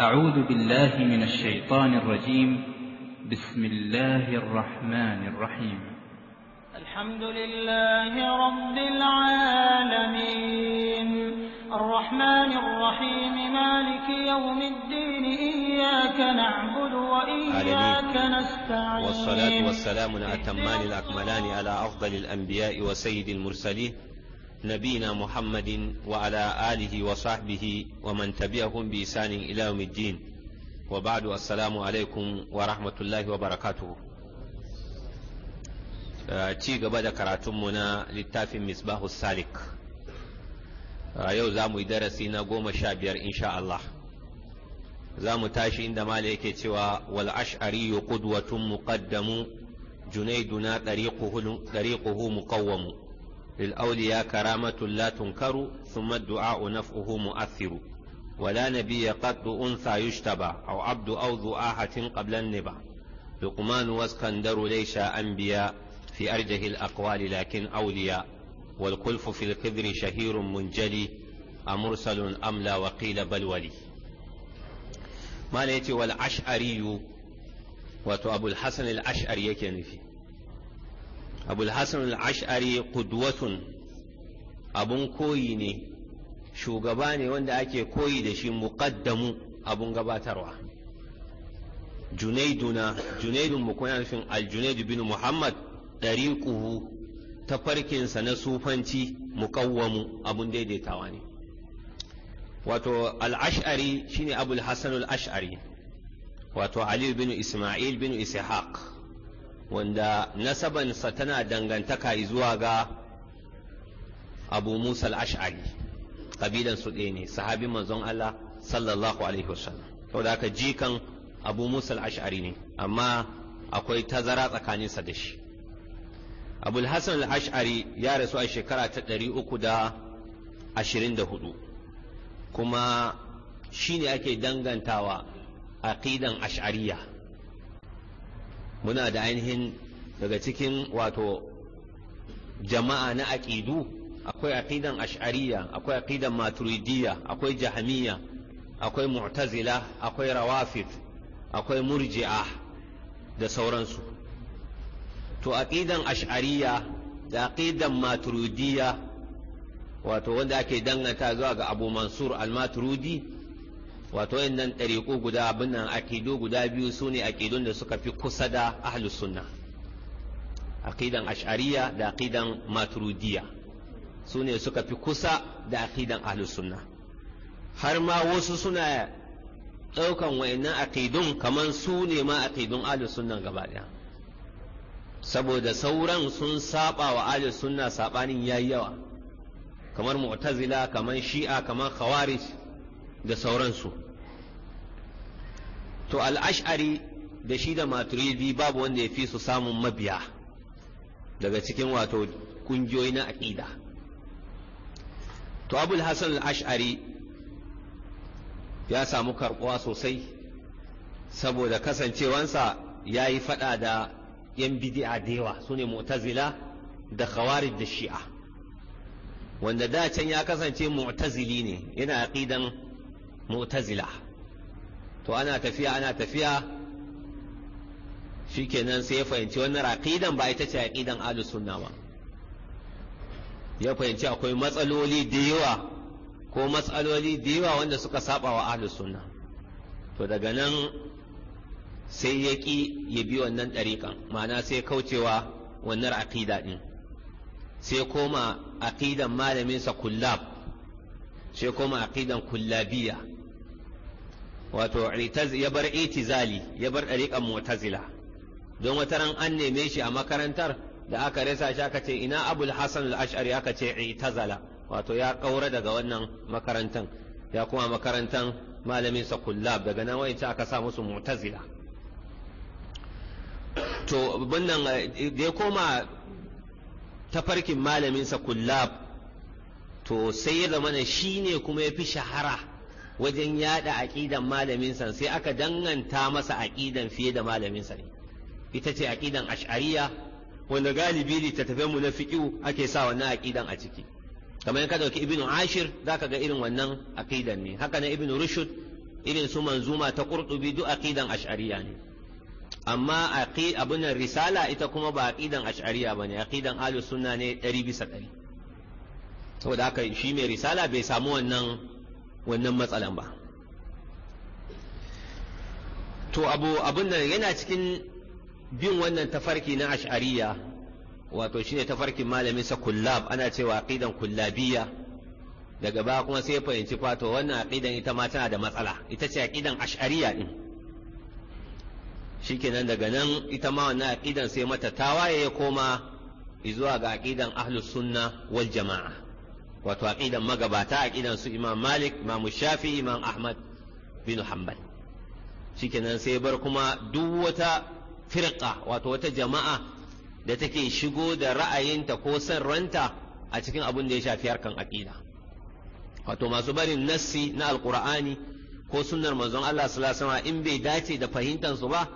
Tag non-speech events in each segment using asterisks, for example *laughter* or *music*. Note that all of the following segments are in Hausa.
أعوذ بالله من الشيطان الرجيم بسم الله الرحمن الرحيم الحمد لله رب العالمين الرحمن الرحيم مالك يوم الدين إياك نعبد وإياك نستعين والصلاة والسلام الأتمان الأكملان على أفضل الأنبياء وسيد المرسلين نبينا محمد وعلى آله وصحبه ومن تبعهم بإحسان إلى يوم الدين وبعد السلام عليكم ورحمة الله وبركاته ci gaba da karatunmu na littafin misbahu salik yau za mu yi darasi na goma sha biyar insha Allah za mu tashi inda mala yake cewa wal ash'ari qudwatun muqaddamu junaiduna dariquhu muqawwamu للأولياء كرامة لا تنكر ثم الدعاء نفعه مؤثر ولا نبي قط أنثى يشتبع أو عبد أو ذو آحة قبل النبع لقمان واسكندر ليس أنبياء في أرجه الأقوال لكن أولياء والكلف في الخضر شهير منجلي أمرسل أم لا وقيل بل ولي ما ليتي والعشعري وتو أبو الحسن العشعري يكن فيه abul hasan al-ash'ari qudwatun abun koyi ne shugaba ne wanda ake koyi da shi muqaddamu abun gabatarwa junaiduna junaidun mu nufin al bin muhammad dariquhu tafarkinsa na sufanci muqawwamu abun daidaitawa ne wato al-ash'ari shine abul hasan al-ash'ari wato ali bin isma'il bin ishaq wanda nasabansa tana dangantaka zuwa ga abu musa al'ash'ari ƙabilan su ɗaya ne sahabin manzon Allah sallallahu alaihi wasallam da aka jikan abu musa al'ash'ari ne amma akwai tazara tsakaninsa da shi abul hassan al'ash'ari ya rasu a shekara ta ɗari uku da ashirin da hudu kuma shi ne ake dangantawa aqidan ash'ariya muna da ainihin daga cikin wato jama'a na aƙidu akwai aƙidan ash'ariya akwai aƙidan maturidiyya akwai jahamiyya akwai mu'tazila akwai rawafid akwai murji'a da sauransu to aƙidan ash'ariya da aƙidan maturidiyya wato wanda ake danganta zuwa ga abu mansur al-maturidi wato nan ɗariƙo guda abin nan aƙidu guda biyu su ne aƙidun da suka fi kusa da ahlus sunna aƙidan ash'ariya da aƙidan maturudiya su ne suka fi kusa da aƙidan ahlus sunna har ma wasu suna ɗaukan wa'annan aƙidun kamar su ne ma aƙidun ahlus sunna gaba ɗaya saboda sauran sun saba wa ahlus sunna sabanin yayi yawa kamar mu'tazila kamar shi'a kamar khawarij da sauransu to al'ash'ari da shi da maturidi babu wanda ya fi su samun mabiya daga cikin wato kungiyoyi na aƙida to abul hasan al'ash'ari ya samu karɓuwa sosai saboda kasancewansa ya yi faɗa da yan bidi'a da yawa su ne mu'tazila da khawarij da shi'a wanda da can ya kasance mu'tazili ne yana aqidan mu'tazila to ana tafiya ana tafiya shikenan sai ya fahimci wannan aqidan ba ita ce aqidan ahlus sunna ba ya fahimci akwai matsaloli da yawa ko matsaloli da yawa wanda suka saba wa ahlus sunna to daga nan sai ya ƙi ya bi wannan ɗariƙan ma'ana sai kaucewa wannan akida ɗin sai koma aƙidan malaminsa kullab sai koma aƙidan kullabiya wato ya bar itizali ya bar ɗariƙan mu'tazila don wata ran an neme shi a makarantar da aka rasa shi aka ce ina abul hasan al-ash'ari aka ce itazala wato ya kaura daga wannan makarantan ya kuma makarantan malamin sa daga nan wai aka sa musu mu'tazila to bunnan da ya koma tafarkin malamin sa kullab to sai ya zama shi ne kuma ya fi shahara wajen yada aqidan malamin sa sai aka danganta masa aqidan fiye da malamin sa ne ita ce aqidan ash'ariya wanda galibi littattafan mu na fiqh ake sa wannan aqidan a ciki kamar in ka dauki ibnu ashir zaka ga irin wannan aqidan ne haka na ibnu rushd irin su manzuma ta qurtubi duk aqidan ash'ariya ne amma aqi abun risala ita kuma ba aqidan ash'ariya bane aqidan ahlus sunna ne 100 bisa 100 saboda haka shi mai risala bai samu wannan wannan matsalan ba to abu abun nan yana cikin bin wannan tafarki na ash'ariya wato shine tafarkin malamin sa kullab ana cewa aqidan kullabiyya daga ba kuma sai fahimci fato wannan aqidan ita ma tana da matsala ita ce aqidan ash'ariya din shikenan daga nan ita ma wannan aqidan sai mata tawaye ya koma zuwa ga aqidan ahlus sunna wal jama'a wato aqidan magabata aqidan su imam malik imam shafi imam ahmad bin hanbal shikenan sai bar kuma duk wata firqa wato wata jama'a da take shigo da ra'ayinta ko san ranta a cikin abin da ya shafi harkan aqida wato masu barin nassi na alqur'ani ko sunnar manzon Allah sallallahu alaihi in bai dace da fahimtar su ba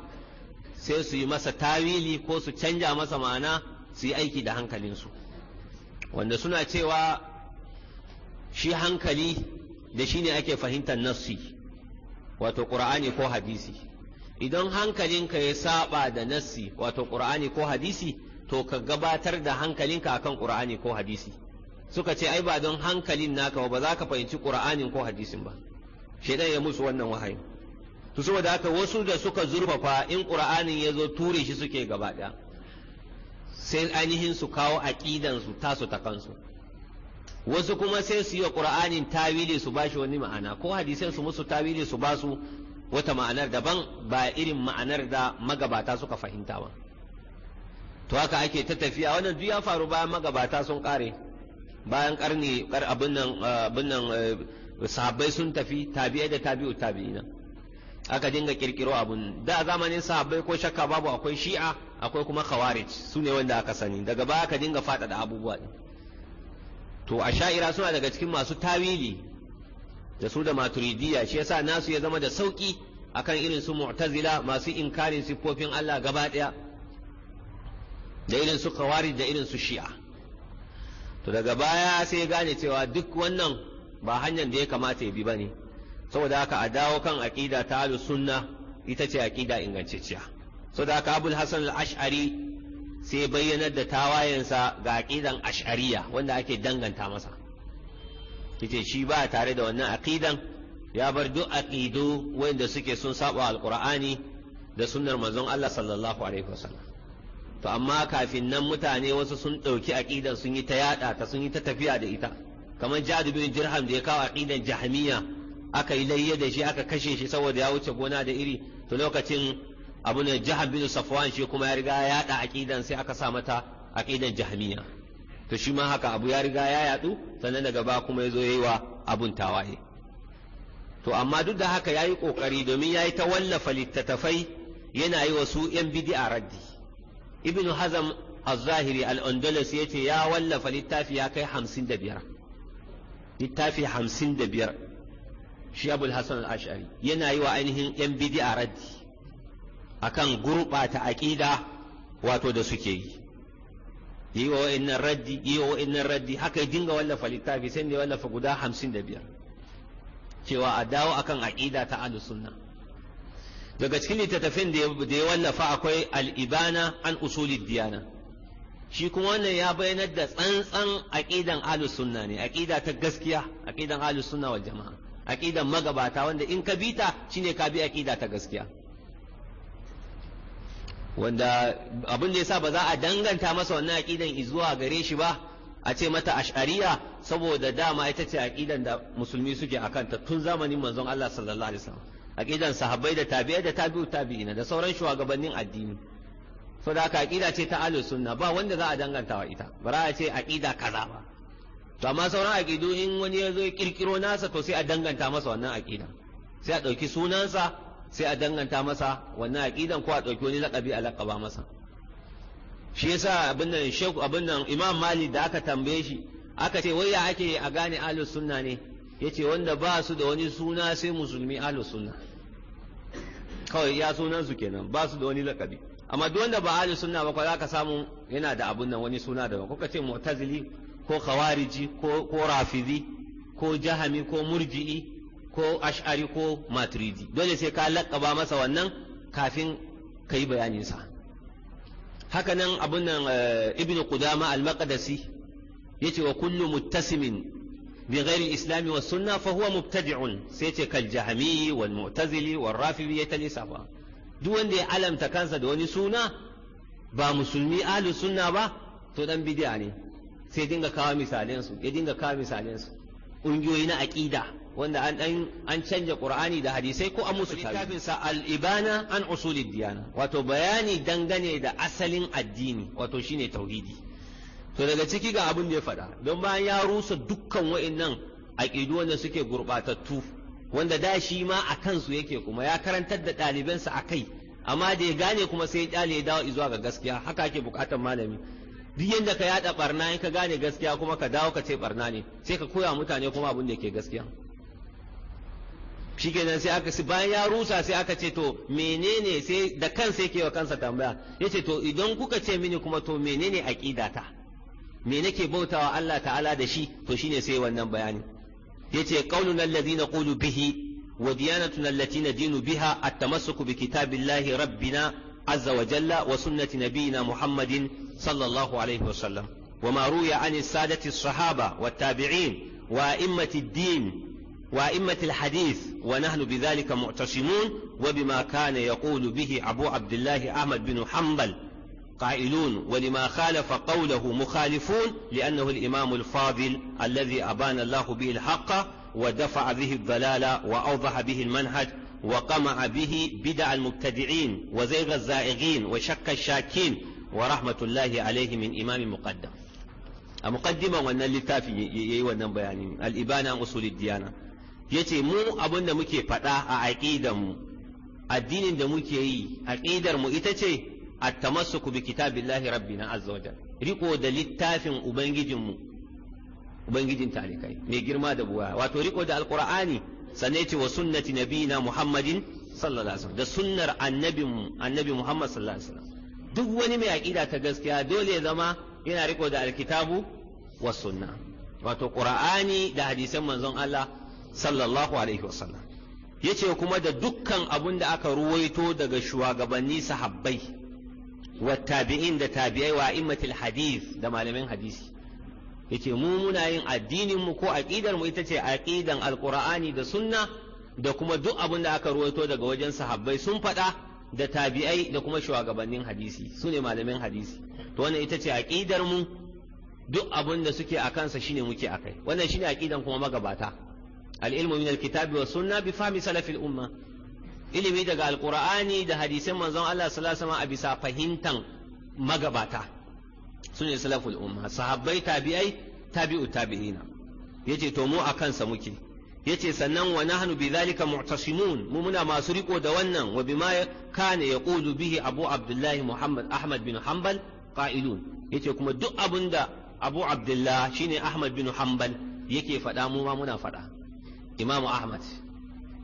sai su yi masa tawili ko su canja masa ma'ana su yi aiki da hankalinsu wanda suna cewa shi hankali da shi ne ake fahimtar nassi wato ƙur'ani ko hadisi idan hankalinka ya saba da nassi wato ƙur'ani ko hadisi to ka gabatar da hankalinka akan ƙur'ani ko hadisi suka ce ai ba don hankalin naka ba za ka fahimci ƙur'anin ko hadisin ba shaidan ya musu wannan wahayin to saboda haka wasu da suka zurfafa in ƙur'anin ya zo ture shi suke gaba ɗaya sai ainihin su kawo aƙidansu tasu ta kansu wasu kuma sai su yi wa ƙur'anin tawili su ba shi wani ma'ana ko hadisai su musu tawili su ba su wata ma'anar daban ba irin ma'anar da magabata suka fahimta ba to haka ake ta tafiya wannan duk ya faru bayan magabata sun kare bayan karni kar abin nan eh, abin nan eh, sahabbai sun tafi tabi'a da tabi'u tabi'ina aka dinga kirkiro abun da zamanin sahabbai ko shakka babu akwai shi'a akwai kuma khawarij su ne wanda aka sani daga baya aka dinga faɗaɗa abubuwa to a sha'ira suna daga cikin masu tawili da su da maturidiyya shi yasa nasu ya zama da sauki akan irin su mu'tazila masu inkarin siffofin Allah gaba daya da irin su khawarij da irin su shi'a to daga baya sai gane cewa duk wannan ba hanyar da ya kamata ya bi bane saboda haka a dawo kan aqida ta sunna ita ce aqida ingantacciya saboda haka abul hasan al-ash'ari sai bayyanar da tawayensa ga aqidan ash'ariya wanda ake danganta masa ita shi ba tare da wannan aqidan ya bar duk aqidu wanda suke sun saba alqur'ani da sunnar manzon Allah sallallahu alaihi wasallam to amma kafin nan mutane wasu sun ɗauki aqidan sun yi ta yada ta sun yi ta tafiya da ita kamar Jadu bin Jirham da ya kawo aqidan Jahmiya aka yi layya da shi aka kashe shi saboda ya wuce gona da iri to lokacin abu ne jahan bin safwan shi kuma ya riga ya yada aqidan sai aka sa mata aqidan jahmiya to shi ma haka abu ya riga ya yadu sannan daga ba kuma ya zo yi wa abun tawaye to amma duk da haka ya yi kokari domin yayi ta wallafa littattafai yana yi wa su yan bid'a raddi ibnu hazam az-zahiri al-andalus yace ya wallafa littafi ya kai 55 littafi 55 shi abul hasan al-ash'ari yana yi wa ainihin yan bid'a raddi akan gurɓata aƙida wato da suke yi yi wa wa'innan raddi yi wa wa'innan raddi haka dinga wallafa littafi sai da wallafa guda hamsin da biyar cewa a dawo akan aƙida ta ahlus sunna daga cikin littattafin da ya wallafa akwai al'ibana an usuli diyana shi kuma wannan ya bayyanar da tsantsan aƙidan ahlus sunna ne aƙida ta gaskiya aƙidan ahlus sunna wal jama'a aƙidan magabata wanda in ka bita shine ka bi aƙida ta gaskiya wanda abin da sa ba za a danganta masa wannan aƙidan zuwa gare shi ba a ce mata ash'ariya saboda dama ita ce aƙidan da musulmi suke a kanta tun zamanin manzon Allah sallallahu alaihi wasallam Aƙidan sahabbai da tabi'ai da tabi'u tabi'ina da sauran shugabannin addini da haka aƙida ce ta ahlus sunna ba wanda za a danganta wa ita ba za a ce aƙida kaza ba to amma sauran aƙidu in wani ya zo ya kirkiro nasa to sai a danganta masa wannan aƙidan sai a ɗauki sunansa sai a danganta masa wannan aqidan ko a ɗauki wani lakabi a lakaba masa shi yasa abin nan sheku abin nan imam mali da aka tambaye shi aka ce wai ya ake a gane ahlus sunna ne yace wanda ba su da wani suna sai musulmi ahlus sunna kawai ya sunan su kenan ba su da wani lakabi. amma duk wanda ba ahlus sunna ba ko za samu yana da abin nan wani suna daban kuka ce mu'tazili ko khawariji ko ko ko jahami ko murji'i ko ash'ari ko maturidi dole sai ka laƙaba masa wannan kafin ka yi bayaninsa haka nan abun nan eh, ibn qudama al-maqdisi yace wa kullu muttasimin bi ghairi al wa sunna fa huwa mubtadi'un sai ce kal jahmi wal mu'tazili wal rafidi ya talisafa duk wanda ya alamta kansa da wani suna ba musulmi ahlus sunna ba to dan bid'a ne sai dinga kawo su ya dinga kawo su ƙungiyoyi na aƙida wanda an an canja qur'ani da hadisai ko an musu littafin sa al-ibana an usuli diyana wato bayani dangane da asalin addini wato shine tauhidi to daga ciki ga abin da ya faɗa don bayan ya rusa dukkan wa'annan aqidu wanda suke gurbatattu wanda da shi ma a kansu yake kuma ya karantar da ɗalibansa a kai amma da ya gane kuma sai ya ya dawo zuwa ga gaskiya haka ake bukatar malami duk yadda ka yada barna in ka gane gaskiya kuma ka dawo ka ce barna ne sai ka koya mutane kuma abin da ke gaskiya shikenan sai aka bayan ya rusa sai aka ce to menene sai da kansa yake wa kansa tambaya yace to idan kuka ce mini kuma to menene aqidata me nake bautawa Allah ta'ala da shi to shine sai wannan bayani yace qauluna allazina qulu bihi wa diyanatuna na dinu biha at-tamassuku bi kitabillahi rabbina azza wa jalla wa sunnati nabiyyina muhammadin sallallahu alaihi wa sallam وما روي عن السادة الصحابة والتابعين وأئمة الدين وأئمة الحديث ونحن بذلك معتصمون وبما كان يقول به أبو عبد الله أحمد بن حنبل قائلون ولما خالف قوله مخالفون لأنه الإمام الفاضل الذي أبان الله به الحق ودفع به الضلال وأوضح به المنهج وقمع به بدع المبتدعين وزيغ الزائغين وشك الشاكين ورحمة الله عليه من إمام مقدم المقدمة وأن اللي تافي ya yi wannan bayanin al'ibana usul yace mu abin da muke faɗa a aqidan mu addinin da muke yi aqidar mu ita ce at-tamassuku bi kitabillahi rabbina azza wajal riko da littafin ubangijin mu ubangijin talikai mai girma da buwa wato riko da alqur'ani sanne ce wa sunnati nabina muhammadin sallallahu alaihi wasallam da sunnar annabin annabi muhammad sallallahu alaihi wasallam duk wani mai aƙida ta gaskiya dole ya zama yana riko da alkitabu wa sunna wato qur'ani da hadisan manzon Allah sallallahu alaihi wasallam yace kuma da dukkan abun da aka ruwaito daga shugabanni sahabbai wa tabi'in da tabi'ai wa immatil hadith da malamin hadisi yace mu muna yin addinin mu ko aqidar mu ita ce aqidan alqur'ani da sunna da kuma duk abun da aka ruwaito daga wajen sahabbai sun faɗa da tabi'ai da kuma shugabannin hadisi su ne malamin hadisi to wannan ita ce aqidar mu duk abun da suke a kansa shine muke akai wannan shine aqidan kuma magabata al-ilmu kitabi wa sunna bi fahmi salafil umma ilimi daga alqur'ani da hadisin manzon Allah sallallahu alaihi wasallam a bisa fahimtan magabata sune salaful umma sahabbai tabi'ai tabi'u tabi'ina yace to mu akan sa muke yace sannan wa nahnu bidhalika mu'tasimun mu muna masu riko da wannan wa bima ya yaqulu bihi abu abdullahi ahmad bin hanbal qa'ilun yace kuma duk abunda abu abdullah shine ahmad bin hanbal yake faɗa mu ma muna faɗa Imamu Ahmad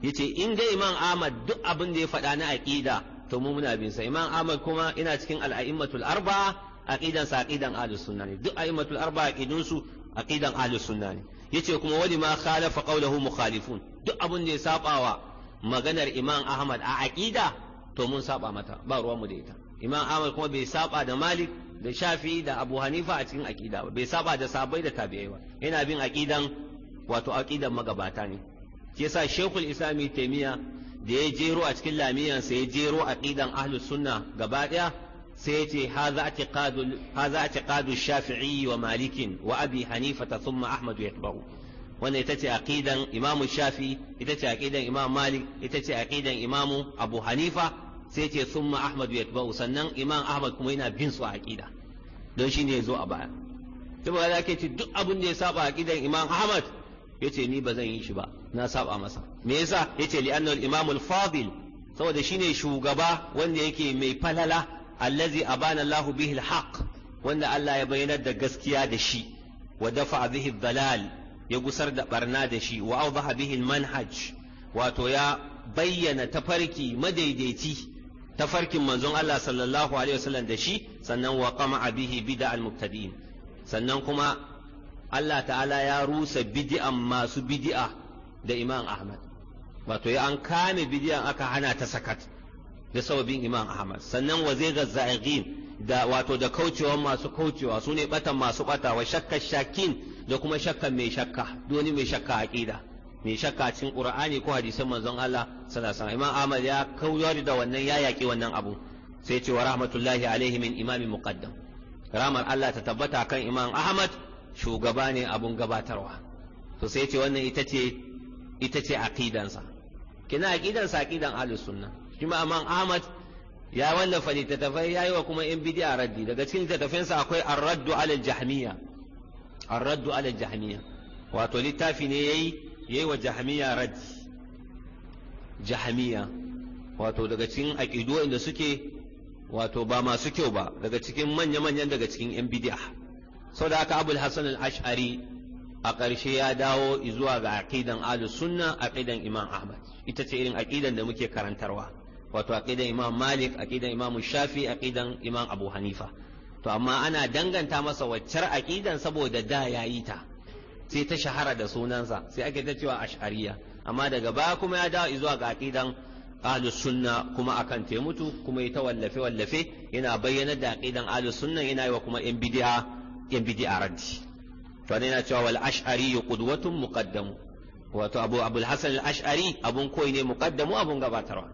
yace in ga Imam Ahmad duk abin da ya faɗa na aqida to mu muna bin sa Imam Ahmad kuma ina cikin al-a'immatul arba'a aqidan sa aqidan ahlus sunna ne duk a'immatul arba'a aqidun su aqidan ahlus sunna ne yace kuma wani ma khalafa qawluhu mukhalifun duk abin da ya sabawa maganar Imam Ahmad a aqida to mun saba mata ba ruwan mu da ita Imam Ahmad kuma bai saba da Malik da shafi da abu hanifa a cikin aƙida ba bai saba da sabai da tabi'ai ba yana bin aƙidan wato aqidan magabata ne ke sa shekul islami taimiya da ya jero a cikin lamiyan sai ya jero aqidan ahlus sunna gaba daya sai ya ce haza a atiqadu shafi'i wa malikin wa abi hanifa ta thumma ahmad yatba'u wannan ita ce aqidan imamu shafi ita ce aqidan imamu malik ita ce aqidan imamu abu hanifa sai ce thumma ahmad yatba'u sannan imam ahmad kuma yana bin su a aqida don shi shine zo a baya saboda ake ce duk abin da ya saba aqidan imam ahmad yace ni ba zan yi shi ba na saba masa me yasa yace li anna al-imam al-fadil saboda shine shugaba wanda yake mai falala allazi abana Allahu bihi al-haq wanda Allah ya bayyana da gaskiya da shi wa dafa bihi dalal ya gusar da barna da shi wa awdaha bihi al-manhaj wato ya bayyana tafarki madaidaici tafarkin manzon Allah sallallahu alaihi wasallam da shi sannan wa qama bihi bid'a al-mubtadi'in sannan kuma Allah ta'ala ya rusa bidi'an masu bidi'a da Imam Ahmad wato ya an kame bidi'an aka hana ta sakat da sababin Imam Ahmad sannan wa zai da wato da kaucewa masu kaucewa su ne batan masu bata wa shakka shakin da kuma shakka mai shakka doni mai shakka aqida mai shakka cikin Qur'ani ko hadisan manzon Allah sallallahu alaihi wasallam Imam Ahmad ya kauyar da wannan ya yaki wannan abu sai ce wa rahmatullahi alaihi min imami muqaddam ramar Allah ta tabbata kan Imam Ahmad shugaba ne abun gabatarwa to sai ce wannan ita ce ita ce aqidansa kina aqidansa aqidan ahlus sunna shi ma Imam Ahmad ya wallafa littattafai yayi wa kuma in bidi'a raddi daga cikin sa akwai ar-raddu ala al-jahmiyya ar-raddu ala al-jahmiyya wato littafi ne yayi yayi wa jahmiyya raddi jahmiyya wato daga cikin aqidu inda suke wato ba masu kyau ba daga cikin manya-manyan daga cikin yan bid'a sau da aka abul hasan al-ash'ari a ƙarshe ya dawo zuwa ga aqidan ahlus sunna aqidan imam ahmad ita ce irin aqidan da muke karantarwa wato aqidan imam malik aqidan imam shafi aqidan imam abu hanifa to amma ana danganta masa waccar aqidan saboda da yayi ta sai ta shahara da sunansa sai ake ta cewa ash'ariya amma daga baya kuma ya dawo zuwa ga aqidan ahlus sunna kuma akan taimutu mutu kuma ya ta wallafe wallafe yana bayyana da aqidan ahlus sunna yana yi wa kuma yan bid'a yan bid'a to ne yana cewa wal ash'ari qudwatun wato abu abul hasan al ash'ari abun koyi ne muqaddamu abun gabatarwa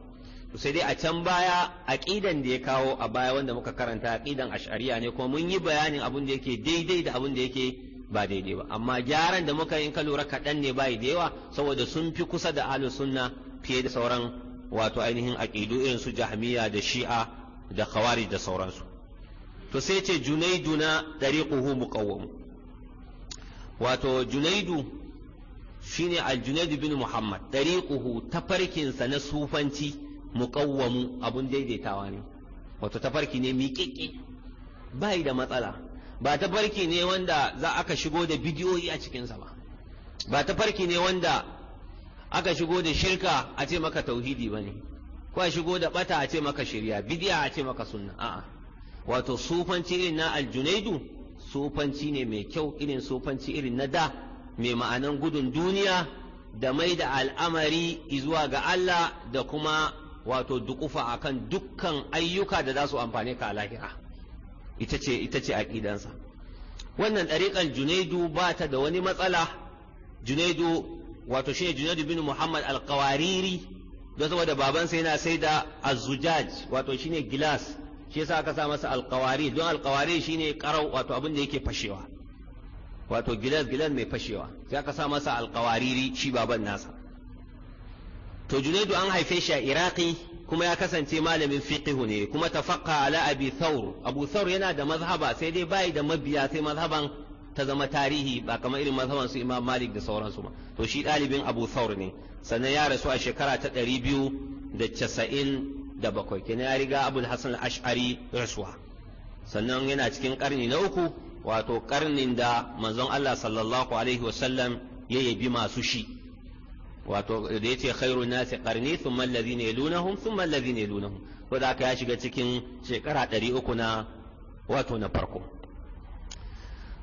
to sai dai a can baya aqidan da ya kawo a baya wanda muka karanta aqidan ash'ariya ne kuma mun yi bayanin abun da yake daidai da abun da yake ba daidai ba amma gyaran da muka yi in ka lura kaɗan ne bai da yawa saboda sun fi kusa da ahlus sunna fiye da sauran wato ainihin aqidu irin su jahmiya da shi'a da khawarij da sauransu to sai ce Junaidu junaiduna tariquhu muqawwam wato junaidu shine al-junaidu bin muhammad tariquhu tafarkinsa na sufanci muqawwamu abun daidaitawa ne wato tafarki ne miƙiƙi bai da matsala ba tafarki ne wanda za aka shigo da bidiyoyi a cikinsa ba ba tafarki ne wanda aka shigo da shirka a ce maka tauhidi ba ne ko a shigo da bata a ce maka shirya bidiya a ce maka sunna a'a wato sufanci irin na aljunaidu sufanci ne mai kyau irin sufanci irin na da mai ma'anan gudun duniya da mai da al'amari zuwa ga Allah da kuma wato dukufa akan dukkan ayyuka da za su amfane ka a lahira ita ce a wannan ɗariƙar junaidu ba ta da wani matsala junaidu wato shine junaidu bin muhammad alkawariri don saboda babansa yana sai da azujaj wato shine gilas shi yasa aka sa masa alƙawari don alƙawari shine qarau wato abin da yake fashewa wato gilas gilas mai fashewa sai aka sa masa alqawariri shi baban nasa to junaidu an haife shi a iraki kuma ya kasance malamin fiqihu ne kuma tafaqqa ala abi thawr abu thawr yana da mazhaba sai dai bai da mabiya sai mazhaban ta zama tarihi ba kamar irin mazhaban su imam malik da sauransu ba to shi dalibin abu thawr ne sannan ya rasu a shekara ta ɗari biyu da casa'in da bakwai kenan ya riga abul hasan ash'ari rasuwa sannan yana cikin karni na uku wato karnin da manzon Allah sallallahu alaihi wa sallam ya yabi masu shi wato da yace khairun nasi qarni thumma alladhina yalunahum thumma alladhina yalunahum to da aka ya shiga cikin shekara 300 na wato na farko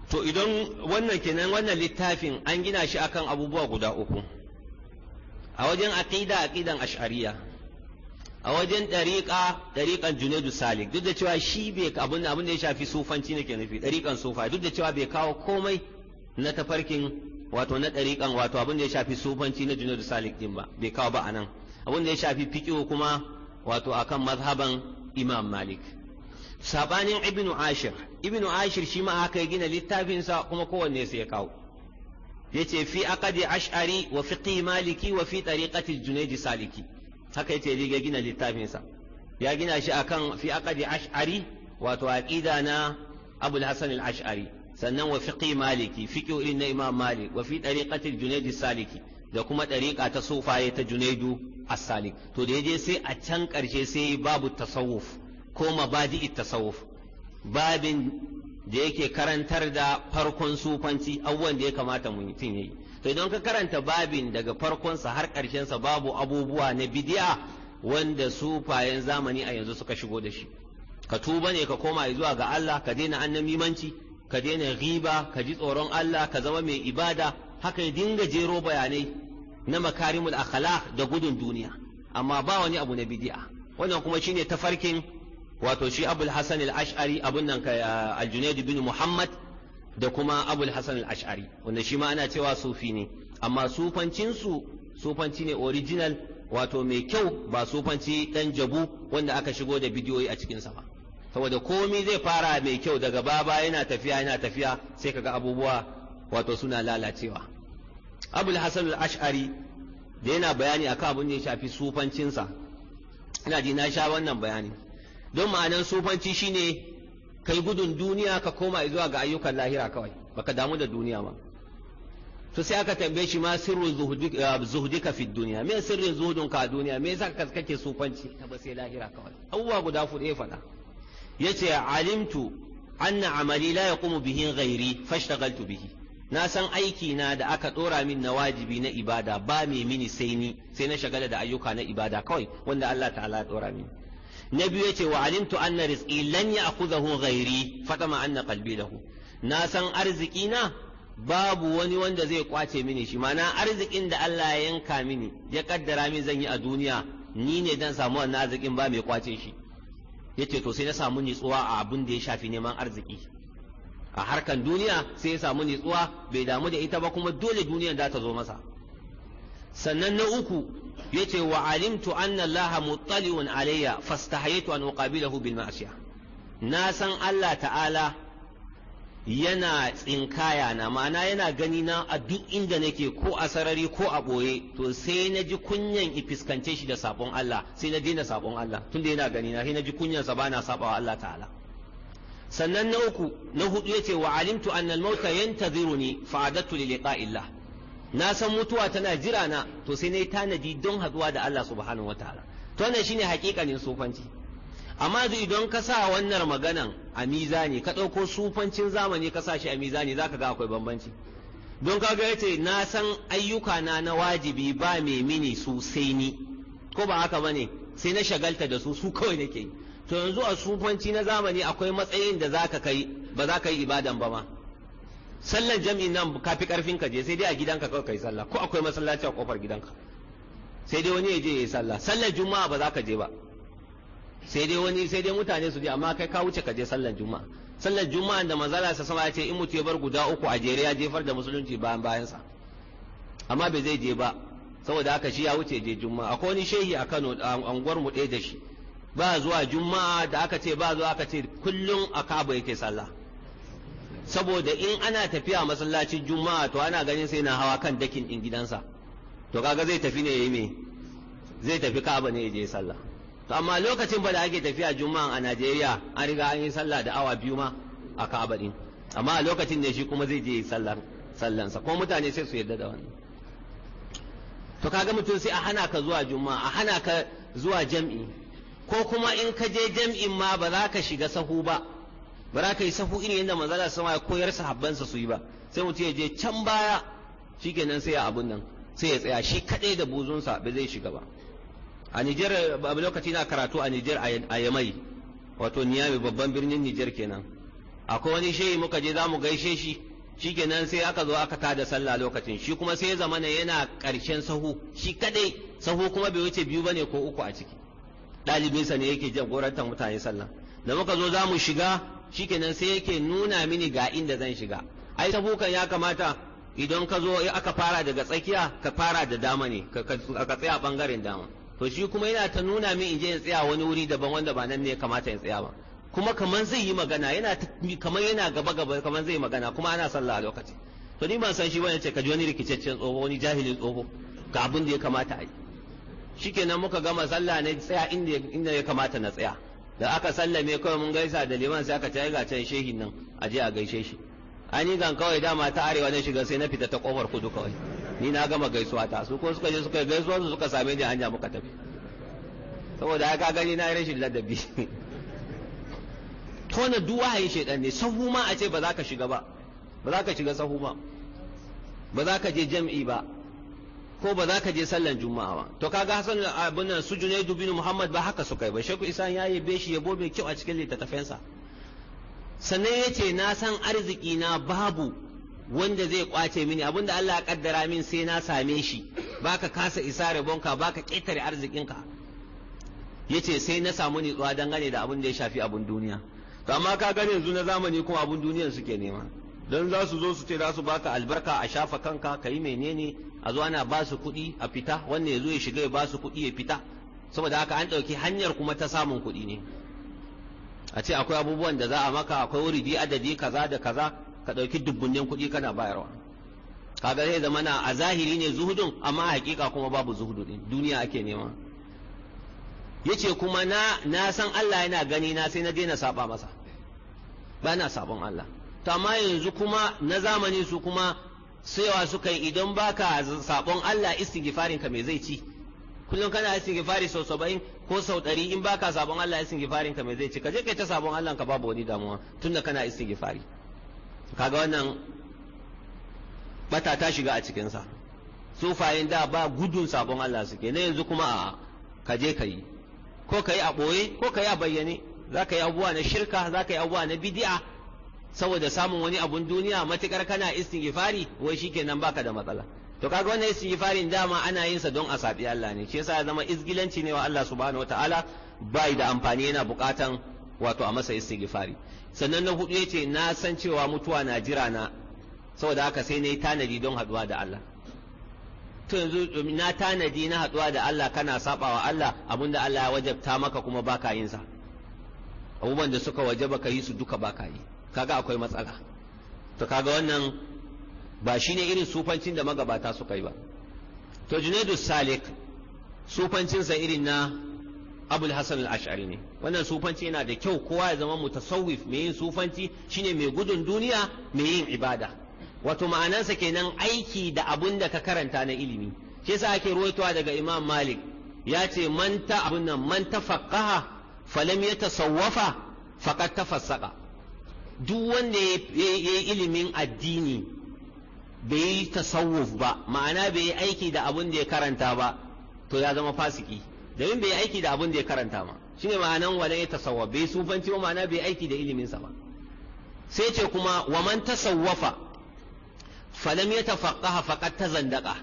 to idan wannan kenan wannan littafin an gina shi akan abubuwa guda uku a wajen aqida aqidan ash'ariyya a wajen ɗariƙa ɗariƙan junaidu salik duk da cewa shi bai abin da ya shafi sufanci ke nufi ɗariƙan sufa duk da cewa bai kawo komai na tafarkin wato na ɗariƙan wato abin da ya shafi sufanci na junaidu salik din ba bai kawo ba nan abin da ya shafi fiƙiwa kuma wato akan mazhaban imam malik sabanin ibnu ashir ibnu ashir shi ma aka gina littafinsa kuma kowanne sai ya kawo yace fi aqdi ash'ari wa fiqi maliki wa fi tariqati junaidi saliki haka yace ya gina littafinsa ya gina shi akan fi aqdi ash'ari wato aqida na abul hasan al ash'ari sannan wa fiqi maliki fiqi irin na imam malik wa fi tariqatil junayd saliki da kuma tariqa ta sufaye ta junaidu as-salik to da yaje sai a can karshe sai babu tasawuf ko mabadi'it tasawuf babin da yake karantar da farkon sufanci abubuwan da ya kamata mutum yayi to idan ka karanta babin daga farkonsa har sa babu abubuwa na bidiya wanda sufayen zamani a yanzu suka shigo da shi ka tuba ne ka koma zuwa ga Allah ka daina annamimanci ka daina riba ka ji tsoron Allah ka zama mai ibada haka ya dinga jero bayanai na makarimul akhlaq da gudun duniya amma ba wani abu na bidiya wannan kuma shine tafarkin wato shi Abul Hasan al-Ash'ari abun nan ka al-Junayd bin Muhammad da kuma abul hasan al-ash'ari wanda shi ma ana cewa sufi ne amma sufancinsu sufanci ne original wato mai kyau ba sufanci dan jabu wanda aka shigo da bidiyoyi a cikin sa ba saboda komai zai fara mai kyau daga baba yana tafiya yana tafiya sai kaga abubuwa wato suna lalacewa abul hasan al-ash'ari da yana bayani akan abin da ya shafi sufancinsa ina ji na sha wannan bayani don ma'anan sufanci shine kai gudun duniya ka koma zuwa ga ayyukan lahira kawai baka damu da duniya ma to sai aka tambaye shi ma sirrin eh, ka fi duniya me sirrin zuhudunka a duniya me yasa kake sufanci ta ba sai lahira kawai abubuwa guda hudu ya faɗa yace alimtu anna amali la yaqumu bihi ghairi fashtagaltu bihi na san aiki na da aka dora min na wajibi na ibada ba mai mini sai ni sai na shagala da ayyuka na ibada kawai wanda Allah ta'ala ya dora mini na biyu yace wa alimtu anna rizqi lan ya'khudhahu ghairi fatama anna qalbi lahu na san arziki na babu wani wanda zai kwace mini shi ma'ana arzikin da Allah ya yanka mini ya kaddara min zan yi a duniya ni ne dan samu wannan arzikin ba mai kwace shi yace to sai na samu nitsuwa a abin da ya shafi neman arziki a harkan duniya sai ya samu nitsuwa bai damu da ita ba kuma dole duniyan za ta zo masa sannan na uku yace wa alimtu anna Allah muttali'un alayya fastahaytu an uqabilahu bil ma'siyah na san Allah ta'ala yana tsinkaya na ma'ana yana gani na a duk inda nake ko a sarari ko a boye to sai na ji kunyan ifiskance shi da sabon Allah sai na daina sabon Allah tunda yana gani na sai na ji kunyan sa bana sabawa Allah ta'ala sannan na uku na hudu yace wa alimtu anna al-mauta yantaziruni fa'adatu li liqa'illah na san mutuwa tana jira na to sai na yi tanadi don haduwa da Allah subhanahu wataala to wannan shine hakikanin sufanci amma zai don ka sa wannan maganan a mizani ka ɗauko sufancin zamani ka sa shi a mizani za ka ga akwai bambanci don ka ga yace na san ayyuka na na wajibi ba mai mini su sai ni ko ba haka bane sai na shagalta da su su kawai nake to yanzu a sufanci na zamani akwai matsayin da za kai ba za ka yi ibadan ba ma Sallar jam'i nan ka fi karfin ka je sai dai a gidanka kawai kai sallah ko akwai masallaci a kofar gidanka sai dai wani ya je ya yi sallah sallar juma'a ba za ka je ba sai dai wani sai dai mutane su je amma kai ka wuce ka je sallar juma'a sallar juma'a da manzala sa sama ya ce in mutu ya bar guda uku a jere ya jefar da musulunci bayan bayansa amma bai zai je ba saboda haka shi ya wuce je juma'a akwai wani shehi a Kano anguwar mu ɗaya da shi ba zuwa juma'a da aka ce ba zuwa aka ce kullum a kaba yake sallah saboda in ana tafiya masallacin juma'a to ana ganin sai na hawa kan dakin din gidansa to kaga zai tafi ne yayi me zai tafi Ka'aba ne je sallah to amma lokacin ba da ake tafiya juma'a a Najeriya an riga an yi sallah da awa biyu ma a Ka'aba din amma a lokacin ne shi kuma zai je sallar sallansa ko mutane sai su yarda da wannan to kaga mutum sai a hana ka zuwa juma'a a hana ka zuwa jam'i ko kuma in ka je jam'in ma ba za ka shiga sahu ba ba za ka yi sahu irin yadda manzala sama ya koyar sahabbansa su yi ba sai mutum ya je can baya shikenan sai ya abun nan sai ya tsaya shi kadai da buzunsa ba zai shiga ba a Nijar a lokaci na karatu a Nijar a Yamai wato Niyami babban birnin Nijar kenan akwai wani shehi muka je zamu gaishe shi shikenan sai aka zo aka tada sallah lokacin shi kuma sai ya zama yana karshen sahu shi kadai sahu kuma bai wuce biyu bane ko uku a ciki ɗalibinsa ne yake jagorantar mutane sallah da muka zo za mu shiga shikenan sai yake nuna mini ga inda zan shiga ai sabukan ya kamata idan ka zo eh, aka fara daga tsakiya ka fara da dama ne ka tsaya bangaren dama to shi kuma yana ta nuna min in je in tsaya wani wuri daban wanda ba nan ne ya kamata in tsaya ba kuma kaman zai yi magana yana kaman yana gaba gaba kaman zai yi magana kuma ana sallah a lokaci to ni ban san shi bane ce ka ji wani rikicaccen tsoho wani jahilin tsoho ga abin da ya kamata a yi shikenan muka gama sallah ne tsaya inda ya kamata na tsaya da aka sallame kawai mun gaisa da liman sai aka tayi gacen shehin nan a je a gaishe shi ani gan kawai dama ta arewa na shiga sai na fita ta kofar kudu kawai ni na gama gaisuwa ta su ko suka je suka gaisuwa su suka same ni hanya muka tafi saboda haka gani na yi rashin ladabi *laughs* tona duwa wahayin shedan ne sahu ma a ce ba za ka shiga ba ba za ka shiga sahu ma ba za ka je jam'i ba ko ba za ka je sallan juma'a ba to kaga hasan abin nan su junaidu bin muhammad ba haka suka yi ba sheku isa ya yabe shi yabo mai kyau a cikin sa sannan yace na san arziki na babu wanda zai kwace mini abinda Allah ya kaddara min sai na same shi baka kasa isa rabonka baka ƙetare arzikinka ya ce sai na samu nitsuwa dangane da abin da ya shafi abin duniya to amma ka gani yanzu na zamani kuma abin duniyan suke nema don za su zo su ce za su baka albarka a shafa kanka ka menene a zo ana ba su kuɗi a fita wannan ya zo ya shiga ya ba su kuɗi ya fita saboda haka an ɗauki hanyar kuma ta samun kuɗi ne a ce akwai abubuwan da za a maka akwai wuri wuridi adadi kaza da kaza ka ɗauki dubbunnen kuɗi kana bayarwa kaga zai zama na a zahiri ne zuhudun amma a hakika kuma babu zuhudu ne duniya ake nema yace kuma na san Allah yana gani na sai na daina saba masa ba na sabon Allah to amma yanzu kuma na zamani su kuma cewa suka yi idan baka sabon Allah istighfarin ka me zai ci kullum kana istighfari sau saba'in ko sau ɗari in baka sabon Allah istighfarin ka me zai ci ka je kai ta sabon Allah ka babu wani damuwa tunda kana istighfari kaga wannan bata ta shiga a cikin sa sufayin da ba gudun sabon Allah suke na yanzu kuma a ka je ka yi ko ka yi a ɓoye ko ka yi a bayyane za ka yi abubuwa na shirka za ka yi abubuwa na bidi'a saboda samun wani abun duniya matukar kana istighfari wai shi shikenan baka da matsala to kaga wannan istighfarin dama ana yin sa don a sabi Allah ne shi yasa ya zama izgilanci ne wa Allah subhanahu wataala bai da amfani yana bukatan wato a masa istighfari sannan na hudu yace na san cewa mutuwa na jira na saboda haka sai na yi tanadi don haduwa da Allah to yanzu na tanadi na haduwa da Allah kana sabawa Allah abinda Allah ya wajabta maka kuma baka yin sa abubuwan da suka wajaba ka yi su duka baka yi kaga akwai matsala to kaga wannan ba shine irin sufancin da magabata suka yi ba to junaidu salik sufancinsa irin na abul hasan al-ash'ari ne wannan sufanci yana da kyau kowa ya zama mutasawwif mai yin sufanci shine mai gudun duniya mai yin ibada wato ma'anansa kenan aiki da abun da ka karanta na ilimi shi yasa ake ruwaitowa daga imam malik ya ce man ta abun nan man tafaqqaha falam yatasawwafa faqad tafassaqa duk wanda ya yi ilimin addini bai yi tasawuf ba ma'ana bai yi aiki da abin da ya karanta ba to ya zama fasiki domin bai yi aiki da abin da ya karanta ma shi ne ma'anan wala ya tasawwa bai sufanci ba ma'ana bai aiki da iliminsa ba sai ce kuma wa man tasawwafa falam ya tafaqqaha faqad tazandaqa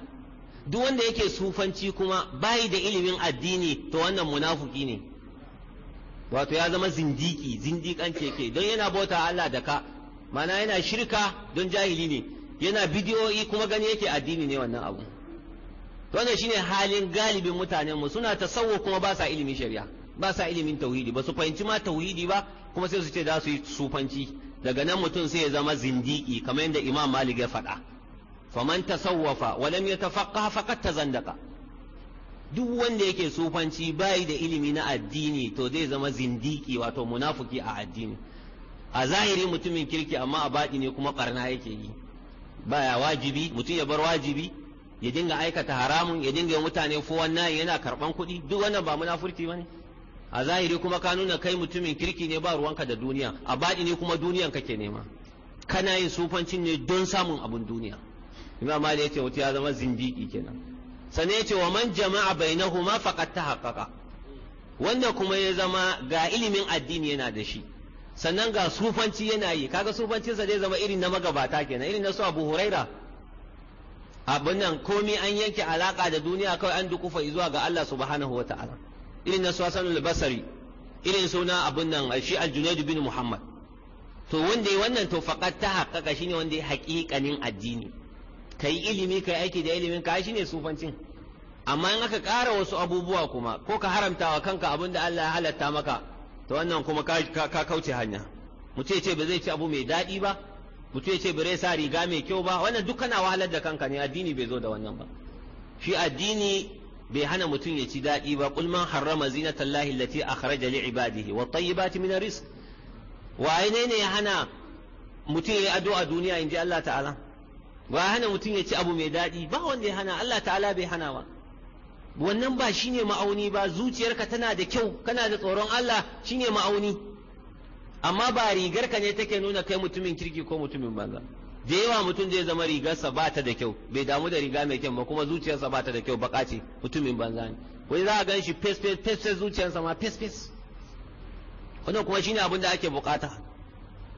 duk wanda yake sufanci kuma bai da ilimin addini to wannan munafiki ne wato ya zama zindiki zindikanci yake don yana bauta Allah da ka mana yana shirka don jahili ne yana bidiyoyi kuma gani yake addini ne wannan abu wannan shine halin galibin mutanen mu suna tasawuf kuma ba sa ilimin shari'a ba sa ilimin tauhidi ba su fahimci ma tauhidi ba kuma sai su ce za su yi sufanci daga nan mutum sai ya zama zindiki kamar yadda imam malik ya faɗa faman tasawwafa wa lam yatafaqqa faqad tazandaqa duk wanda yake sufanci bayi da ilimi na addini to zai zama zindiki wato munafuki a addini a zahiri mutumin kirki amma a baɗi ne kuma ɓarna yake yi baya wajibi mutum ya bar wajibi ya dinga aikata haramun ya dinga mutane fo wannan yana karɓan kuɗi duk wannan ba munafurci bane a zahiri kuma ka nuna kai mutumin kirki ne ba ruwanka da duniya a baɗi ne kuma duniyan kake nema kana yin sufancin ne don samun abun duniya imam ya ce mutum ya zama zindiki kenan Sane ce wa man jama'a bainahuma faqad tahaqqaqa wanda kuma ya zama ga ilimin addini yana da shi sannan ga sufanci yana yi kaga sa zai zama irin na magabata kenan irin na su Abu Huraira abin nan komai an yanke alaka da duniya kawai an dukufa zuwa ga Allah subhanahu wata'ala irin na su Hasan al-Basri irin suna abin nan shi al-Junayd bin Muhammad to wanda ya wannan to faqad ta shine wanda ya haƙiƙanin addini ka yi ilimi ka yi aiki da ilimin ka shi ne sufancin amma in aka ƙara wasu abubuwa kuma ko ka haramta wa kanka abin da Allah ya halatta maka to wannan kuma ka kauce hanya mutum ce ba zai ci abu mai daɗi ba mutum ce ba zai sa riga mai kyau ba wannan duk kana wahalar da kanka ne addini bai zo da wannan ba shi addini bai hana mutum ya ci daɗi ba kulman man harrama zinatallahi allati akhraja li ibadihi wa tayyibati min rizq waye ne ya hana mutum ya ado a duniya inji Allah ta'ala ba hana mutum ya ci abu mai daɗi ba wanda ya hana Allah ta'ala bai hana ba wannan ba shine ma'auni ba zuciyarka tana da kyau kana da tsoron Allah shine ma'auni amma ba rigar ka ne take nuna kai mutumin kirki ko mutumin banza da yawa mutum zai zama rigarsa ba ta da kyau bai damu da riga mai kyau ba kuma zuciyarsa ba ta da kyau baka ce mutumin banza ne wani za a gan shi fes fes fes zuciyarsa ma fes fes wannan kuma shine abin da ake bukata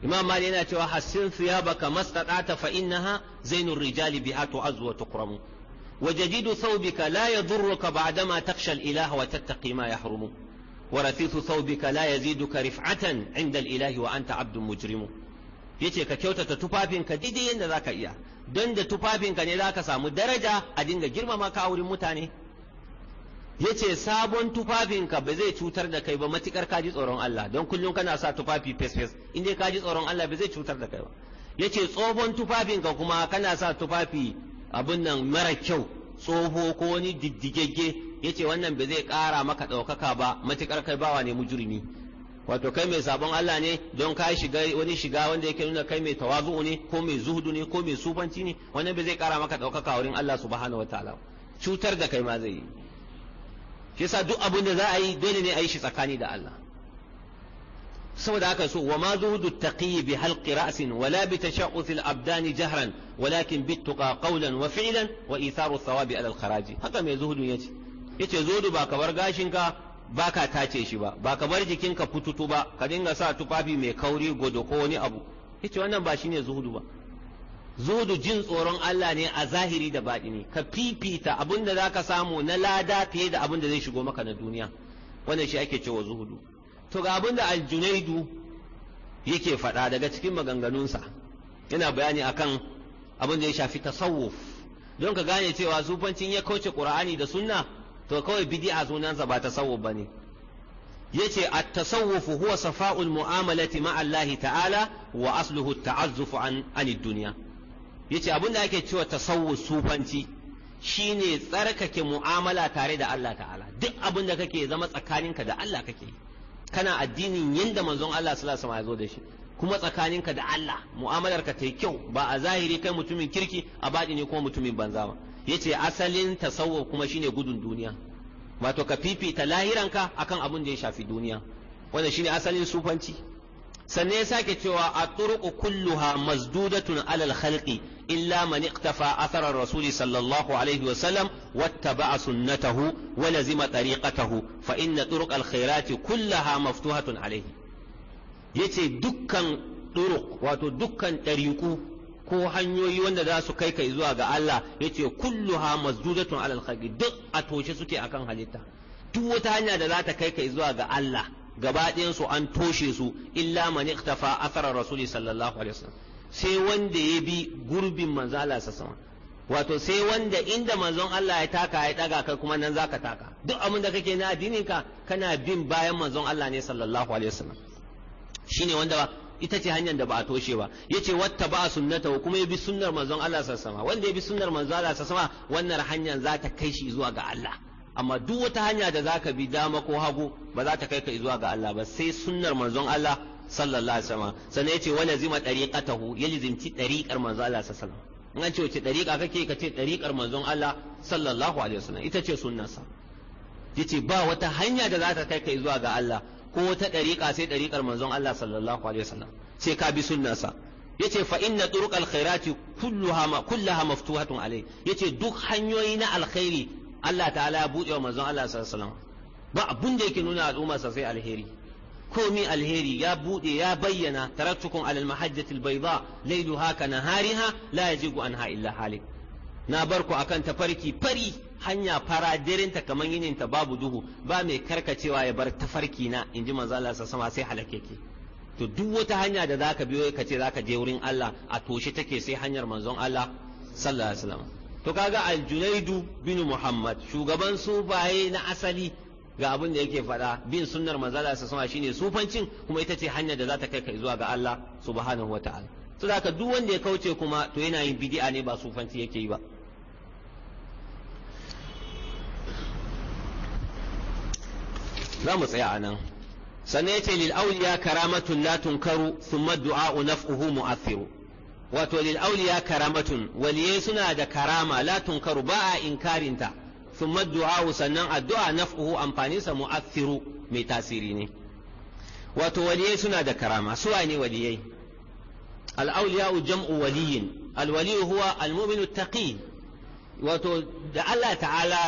imam mali yana cewa ثيابك ما استطعت فإنها زين الرجال بها تعز tu'azzu وجديد ثوبك لا يضرك بعدما تخشى الإله وتتقي ما يحرم ورثيث ثوبك لا يزيدك رفعة عند الإله وأنت عبد مجرم يتي كيوتا تتبابين كديدين ذاك إياه دند تبابين كان سامو درجة أدين جرم ما كاوري متاني yace sabon tufafinka ba zai cutar da kai ba matukar ka ji tsoron Allah don kullum kana sa tufafi fes fes in ka ji tsoron Allah ba zai cutar da kai ba yace tsohon tufafinka kuma kana sa tufafi abin nan mara kyau tsoho ko wani diddigegge yace wannan ba zai ƙara maka ɗaukaka ba matukar kai bawa ne mujurimi wato kai mai sabon Allah ne don ka shiga wani shiga wanda yake nuna kai mai tawazu'u ne ko mai zuhudu ne ko mai sufanci ne wannan ba zai ƙara maka ɗaukaka wurin Allah subhanahu wataala cutar da kai ma zai yi yasa duk abin da za a yi dole ne a yi shi tsakani da Allah saboda haka so wa ma zuhudu taqi bi halqi ra'sin wala bi tashaqqus al abdani jahran walakin bi tuqa qawlan wa fi'lan wa itharu thawabi ala al kharaji haka mai zuhudu yace yace zuhudu ba ka bar gashin ka ba ka tace shi ba ba ka bar jikinka fututu ba ka dinga sa tufafi mai kauri godo ko wani abu yace wannan ba shine zuhudu ba zuhudu jin tsoron Allah ne a zahiri da baɗini ka fifita abin da za ka samu na lada fiye da abin da zai shigo maka na duniya wannan shi ake cewa zuhudu to ga abin da aljunaidu yake faɗa daga cikin maganganunsa yana bayani akan abin da ya shafi tasawuf don ka gane cewa zufancin ya kauce qur'ani da sunna to kawai bid'a sunansa ba tasawuf bane yace at-tasawuf huwa safa'ul mu'amalati ma'allahi ta'ala wa asluhu at-ta'azzuf an anid-dunya yace abin da ake cewa tasawuf sufanci shine tsarkake mu'amala tare da Allah ta'ala duk abin kake zama tsakaninka da Allah kake kana addinin yanda manzon Allah sallallahu alaihi wasallam zo da shi kuma tsakaninka da Allah mu'amalar ka ta kyau ba a zahiri kai mutumin kirki a baɗi ne kuma mutumin banza ba yace asalin tasawuf kuma shine gudun duniya wato ka fifita lahiranka akan abin da ya shafi duniya wanda shine asalin sufanci sannan ya sake cewa a turuku kulluha mazdudatun alal khalqi illa man iqtafa athara rasuli sallallahu alaihi wa sallam wattaba'a sunnatahu wa lazima tariqatahu fa inna turuq alkhairati kullaha maftuhatun alaihi yace dukkan turuq wato dukkan ko hanyoyi wanda za su kai kai zuwa ga Allah kullu ha masdudatun alal khaqi duk a toshe suke akan halitta duk wata hanya da za ta kai kai zuwa ga Allah gaba su an toshe su illa man iqtafa athara rasuli sallallahu alaihi wasallam sai wanda ya bi gurbin manzo Allah sa sama wato sai wanda inda manzon Allah ya taka ya daga kai kuma nan zaka taka duk abin da kake na addinin ka kana bin bayan manzon Allah ne sallallahu alaihi wasallam shine wanda ita ce hanyar da ba a toshe ba yace watta ba sunnata kuma ya bi sunnar manzon Allah sa sama wanda ya bi sunnar manzon Allah sa sama wannan hanyar za ta kai shi zuwa ga Allah amma duk wata hanya da zaka bi dama ko hagu ba za ta kai ka zuwa ga Allah ba sai sunnar manzon Allah sallallahu alaihi wasallam sannan yace wala zima dariqatahu ya lizimci dariqar manzo Allah sallallahu alaihi wasallam in an ce wace dariqa kake ka ce dariqar manzon Allah sallallahu alaihi wasallam ita ce sunnarsa yace ba wata hanya da za ta kai kai zuwa ga Allah ko wata dariqa sai dariqar manzon Allah sallallahu alaihi wasallam sai ka bi sunnarsa yace fa inna turuqal khairati kulluha ma kullaha maftuhatun alai yace duk hanyoyi na alkhairi Allah ta'ala ya buɗe wa manzon Allah sallallahu alaihi wasallam ba abun da yake nuna al'umma sai alheri komi alheri ya bude ya bayyana taraktukun alal mahajjati albayda laylu haka nahariha la yajigu anha illa halik na barku akan tafarki fari hanya fara derinta kaman yinin ta babu duhu ba mai karkacewa ya bar tafarki na inji manzo Allah sama sai ke. to duk wata hanya da zaka biyo ka ce zaka je wurin Allah a toshe take sai hanyar manzon Allah sallallahu alaihi wasallam to kaga aljunaidu bin muhammad shugaban sufaye na asali ga abin da yake faɗa bin sunnar manzala sa sama shine sufancin kuma ita ce hanyar da za ta kai ka zuwa ga Allah subhanahu wataala to haka duk wanda ya kauce kuma to yana yin bid'a ne ba sufanci yake yi ba za mu tsaya a nan sannan ya lil auliya karamatun la tunkaru thumma du'a'u naf'uhu mu'athiru wato lil auliya karamatun waliyai suna da karama la tunkaru ba a inkarinta thumma du'a sannan addu'a naf'uhu amfanin sa mu'athiru mai tasiri ne wato waliyai suna da karama su ne waliyai al-awliya'u jam'u waliyin al-wali huwa al-mu'minu wato da Allah ta'ala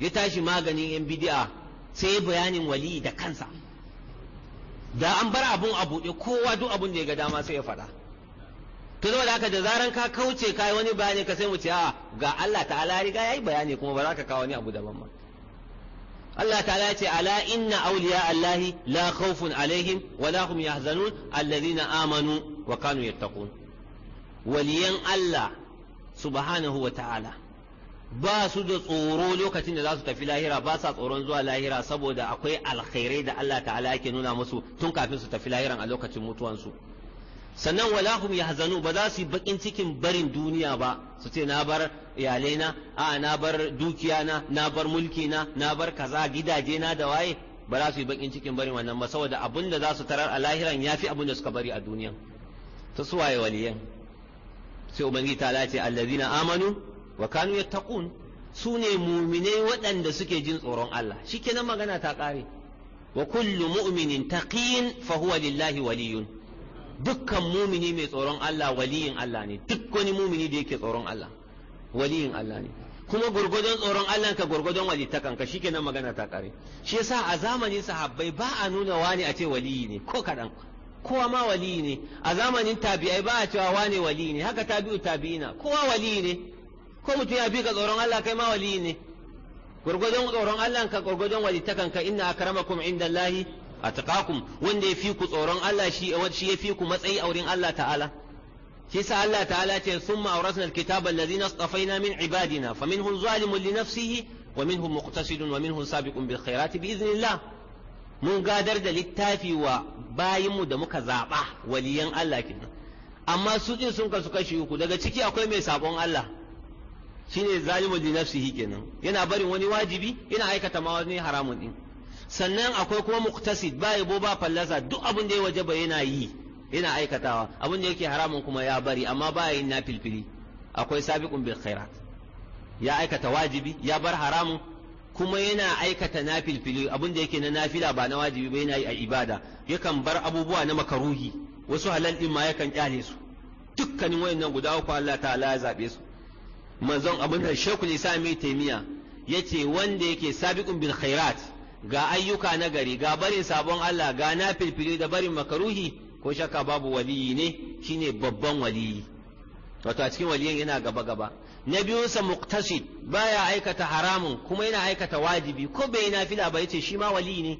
ya tashi maganin yan bid'a sai bayanin wali da kansa da an bar abun a buɗe kowa duk abun da ya ga dama sai ya faɗa to da aka da zaran ka kauce kai wani bayani ka sai mu ce a ga Allah ta'ala riga yayi bayani kuma ba za ka kawo wani abu daban ba Allah ta'ala ya ce ala inna awliya Allahi la khawfun alaihim wa la hum yahzanun alladhina amanu wa kanu yattaqun waliyan Allah subhanahu wa ta'ala ba su da tsoro lokacin da za su tafi lahira ba sa tsoron zuwa lahira saboda akwai alkhairai da Allah ta'ala yake nuna musu tun kafin su tafi lahiran a lokacin mutuwansu sannan wala hum yahzanu ba za su yi bakin cikin barin duniya ba su ce na bar iyalaina a na bar dukiyana na bar mulki na bar kaza gidaje na da waye ba za su yi bakin cikin barin wannan ba saboda abin da za su tarar a lahiran yafi abun da suka bari a duniya ta suwaye waliyan sai ubangiji ta lace allazina amanu wa kanu yattaqun su ne muminai waɗanda suke jin tsoron Allah shikenan magana ta ƙare wa kullu mu'minin taqin fa huwa lillahi waliyun dukkan mumini mai tsoron Allah waliyin Allah ne duk wani mumini da yake tsoron Allah waliyin Allah ne kuma gurgudun tsoron Allah ka gurgudun walitakan ka shikenan magana ta kare shi yasa a zamanin sahabbai ba a nuna wani a ce waliyi ne ko kadan kowa ma waliyi ne a zamanin tabi'ai ba a cewa wani waliyi ne haka tabi'u tabi'ina kowa waliyi ne ko mutum ya bi ka tsoron Allah kai ma waliyi ne gurgudun tsoron Allah ka gurgudun ta ka inna akramakum indallahi atqakum wanda ya fi ku tsoron Allah shi shi ya fi ku matsayi a wurin Allah ta'ala shi Allah ta'ala ce summa awrasna alkitaba alladhina astafaina min ibadina faminhum zalimun li nafsihi wa minhum muqtasidun wa minhum sabiqun bil khairati bi idhnillah mun gadar da littafi wa bayinmu da muka zaba waliyan Allah kenan amma su din sun kasu kashi uku daga ciki akwai mai sabon Allah shine zalimun li nafsihi kenan yana barin wani wajibi yana aikata ma wani haramun ɗin. sannan akwai kuma muktasid ba yabo ba fallasa duk abin da ya waje ba yana yi yana aikatawa abin da yake haramun kuma ya bari amma ba yin na filfili akwai sabiqun bil khairat ya aikata wajibi ya bar haramun kuma yana aikata na filfili abin da yake na nafila ba na wajibi ba yana yi a ibada yakan bar abubuwa na makaruhi wasu halal din ma yakan kyale su dukkanin wayannan guda uku Allah ta'ala ya zabe su manzon abin da Sheikhul Islam Taymiya yace wanda yake sabiqun bil khairat ga ayyuka na gari ga barin sabon Allah ga na filfili da barin makaruhi ko shakka babu waliyi ne shine babban waliyi wato a cikin waliyin yana gaba gaba na biyun sa muqtasid baya aikata haramun kuma yana aikata wajibi ko bai nafila ba yace shi ma waliyi ne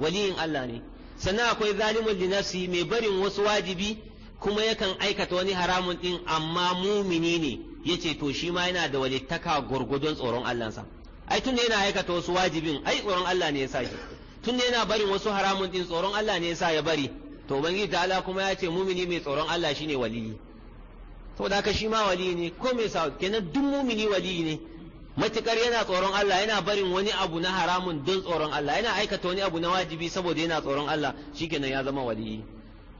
waliyin Allah ne sannan akwai zalimun li nafsi mai barin wasu wajibi kuma yakan aikata wani haramun din amma mumini ne yace to shi ma yana da walittaka gurgudun tsoron Allah sa ai tunda yana aikata wasu wajibin ai tsoron Allah ne ya sa shi tunda yana barin wasu haramun din tsoron Allah ne ya sa ya bari to ubangiji ta'ala kuma ya ce mumini mai tsoron Allah shine waliyi saboda haka shi ma waliyi ne ko mai sa kenan duk mumini waliyi ne matukar yana tsoron Allah yana barin wani abu na haramun don tsoron Allah yana aikata wani abu na wajibi saboda yana tsoron Allah shikenan ya zama waliyi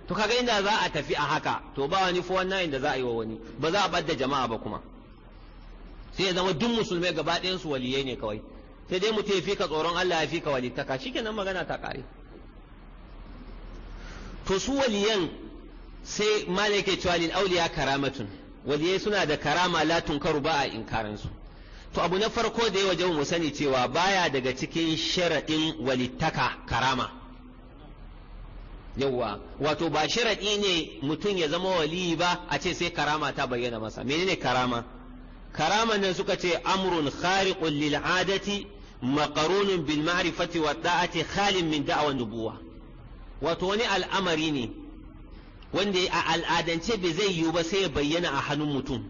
to kaga inda za a tafi a haka to ba wani nan da za a yi wa wani ba za a da jama'a ba kuma sai ya zama duk musulmai gaba ɗayan su waliyai ne kawai sai dai mutum ya ka tsoron Allah ya fi ka walittaka shikenan magana ta kare to su waliyan sai malaka cewa lil auliya karamatun waliyai suna da karama la tunkaru ba a inkarin su to abu na farko da ya waje mu sani cewa baya daga cikin sharaɗin walittaka karama yawwa wato ba sharaɗi ne mutum ya zama waliyi ba a ce sai karama ta bayyana masa menene karama karaman nan suka ce amrun khariqun lil adati maqarunun bil ma'rifati wa da'ati khalin min da'wa nubuwa wato wani al'amari ne wanda a al'adance bai zai yiwu ba sai ya bayyana a hannun mutum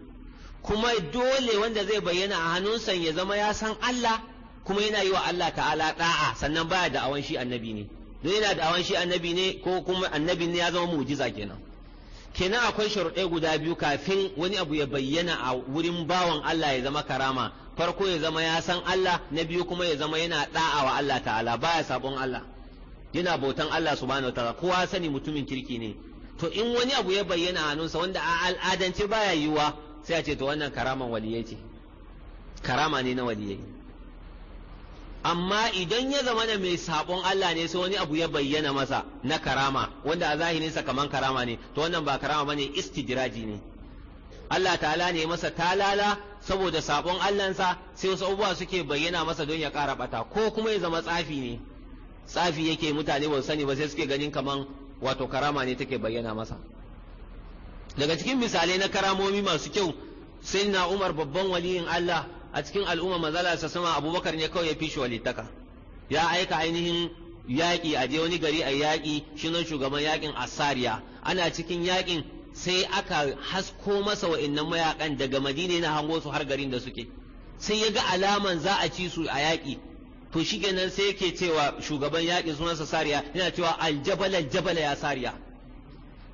kuma dole wanda zai bayyana a hannunsa ya zama ya san Allah kuma yana yi wa Allah ta'ala da'a sannan baya da awan shi annabi ne don yana da awan shi annabi ne ko kuma annabi ne ya zama mu'jiza kenan kenan akwai sharuɗai guda biyu kafin wani abu ya bayyana a wurin bawan Allah ya zama karama farko ya zama ya san Allah na biyu kuma ya zama yana da'a wa Allah ta'ala baya sabon Allah yana bautan Allah subhanahu ta'ala kowa sani mutumin kirki ne to in wani abu ya bayyana a hannunsa wanda a al'adance baya yiwuwa sai a ce to wannan karaman waliyai ce karama ne na waliyai amma idan ya zama da mai sabon Allah ne sai wani abu ya bayyana masa na karama wanda a zahirinsa kaman karama ne to wannan ba karama bane istidraji ne Allah ta'ala ne masa talala saboda sabon sa, sai wasu abubuwa suke bayyana masa don ya kara bata ko kuma ya zama tsafi ne tsafi yake mutane ba sani ba sai suke ganin kaman wato karama ne take bayyana masa daga cikin misalai na karamomi masu kyau sai na Umar babban waliyin Allah a cikin al'umma manzala sa sama abubakar ne kawai ya fi shi walittaka ya aika ainihin yaƙi a je wani gari a yaƙi shi nan shugaban yaƙin sariya. ana cikin yaƙin sai aka hasko masa wa'annan mayaƙan daga madina yana hango su har garin da suke sai ya ga alaman za a ci su a yaƙi to shi kenan sai yake cewa shugaban yaƙin sunansa sariya yana cewa Aljabala Jabala ya sariya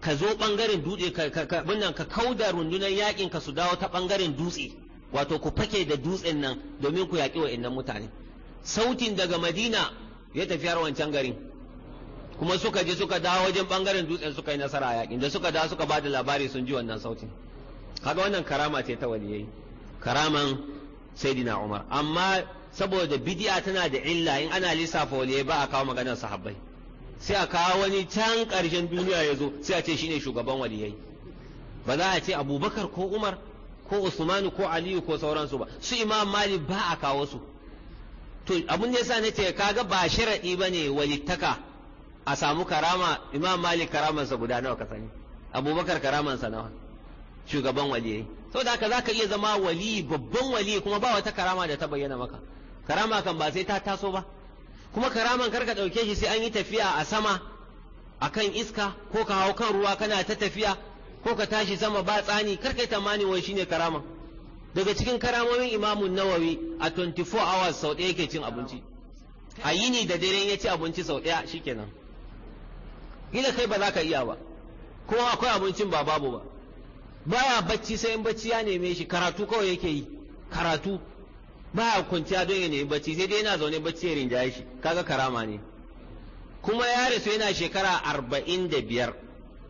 ka zo ɓangaren dutse ka ka ka kauda rundunar yaƙin ka su dawo ta ɓangaren dutse wato ku fake da dutsen nan domin ku yaƙi wa wa'annan mutane sautin daga madina ya tafi har wancan garin kuma suka je suka dawo wajen bangaren dutsen suka yi nasara a yaƙin da suka dawo suka ba da labari sun ji wannan sautin kaga wannan karama ce ta waliyai karaman saidina umar amma saboda bidi'a tana da illa in ana lissafa waliyai ba a kawo maganar sahabbai sai a kawo wani can ƙarshen duniya ya zo sai a ce shine shugaban waliyai ba za a ce abubakar ko umar ko usmanu ko aliyu ko sauransu ba su imam malik ba a kawo su to abun da yasa nace kaga ba sharadi bane walittaka a samu karama imam malik karamansa guda nawa ka sani abubakar karamansa nawa shugaban waliyai saboda haka zaka iya zama wali babban wali kuma ba wata karama da ta bayyana maka karama kan ba sai ta taso ba kuma karaman karka dauke shi sai an yi tafiya a sama akan iska ko ka hau kan ruwa kana ta tafiya ko ka tashi sama ba tsani kar kai tamani wai shine karama daga cikin karamomin imamun nawawi a 24 hours sau ɗaya yake cin abinci a yini da dare ya ci abinci sau ɗaya shikenan gina kai ba za ka iya ba kuma akwai abincin ba babu ba baya bacci sai in bacci ya neme shi karatu kawai yake yi karatu baya kwanciya don ya nemi bacci sai dai yana zaune bacci ya rinjaye shi kaga karama ne kuma ya rasu yana shekara arba'in da biyar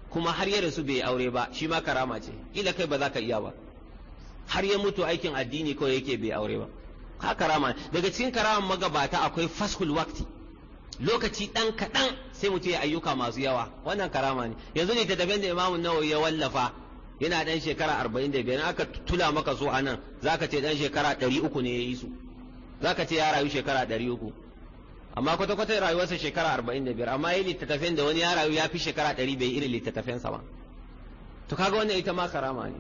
kuma har ya rasu bai aure ba shi ma karama ce kila kai ba za ka iya ba har ya mutu aikin addini kawai yake bai aure ba ka karama daga cikin karaman magabata akwai fashul wakti lokaci dan kaɗan sai mutum ya ayyuka masu yawa wannan karama ne yanzu ne tattafen da imamun nawawi ya wallafa yana dan shekara arba'in da biyar aka tula maka so a nan ce dan shekara ɗari ne ya su za ce ya rayu shekara ɗari uku amma kwata kwata rayuwarsa shekara arba'in da biyar amma yi littattafen da wani ya rayu ya fi shekara ɗari bai irin littattafin sa ba to kaga wannan ita ma karama ne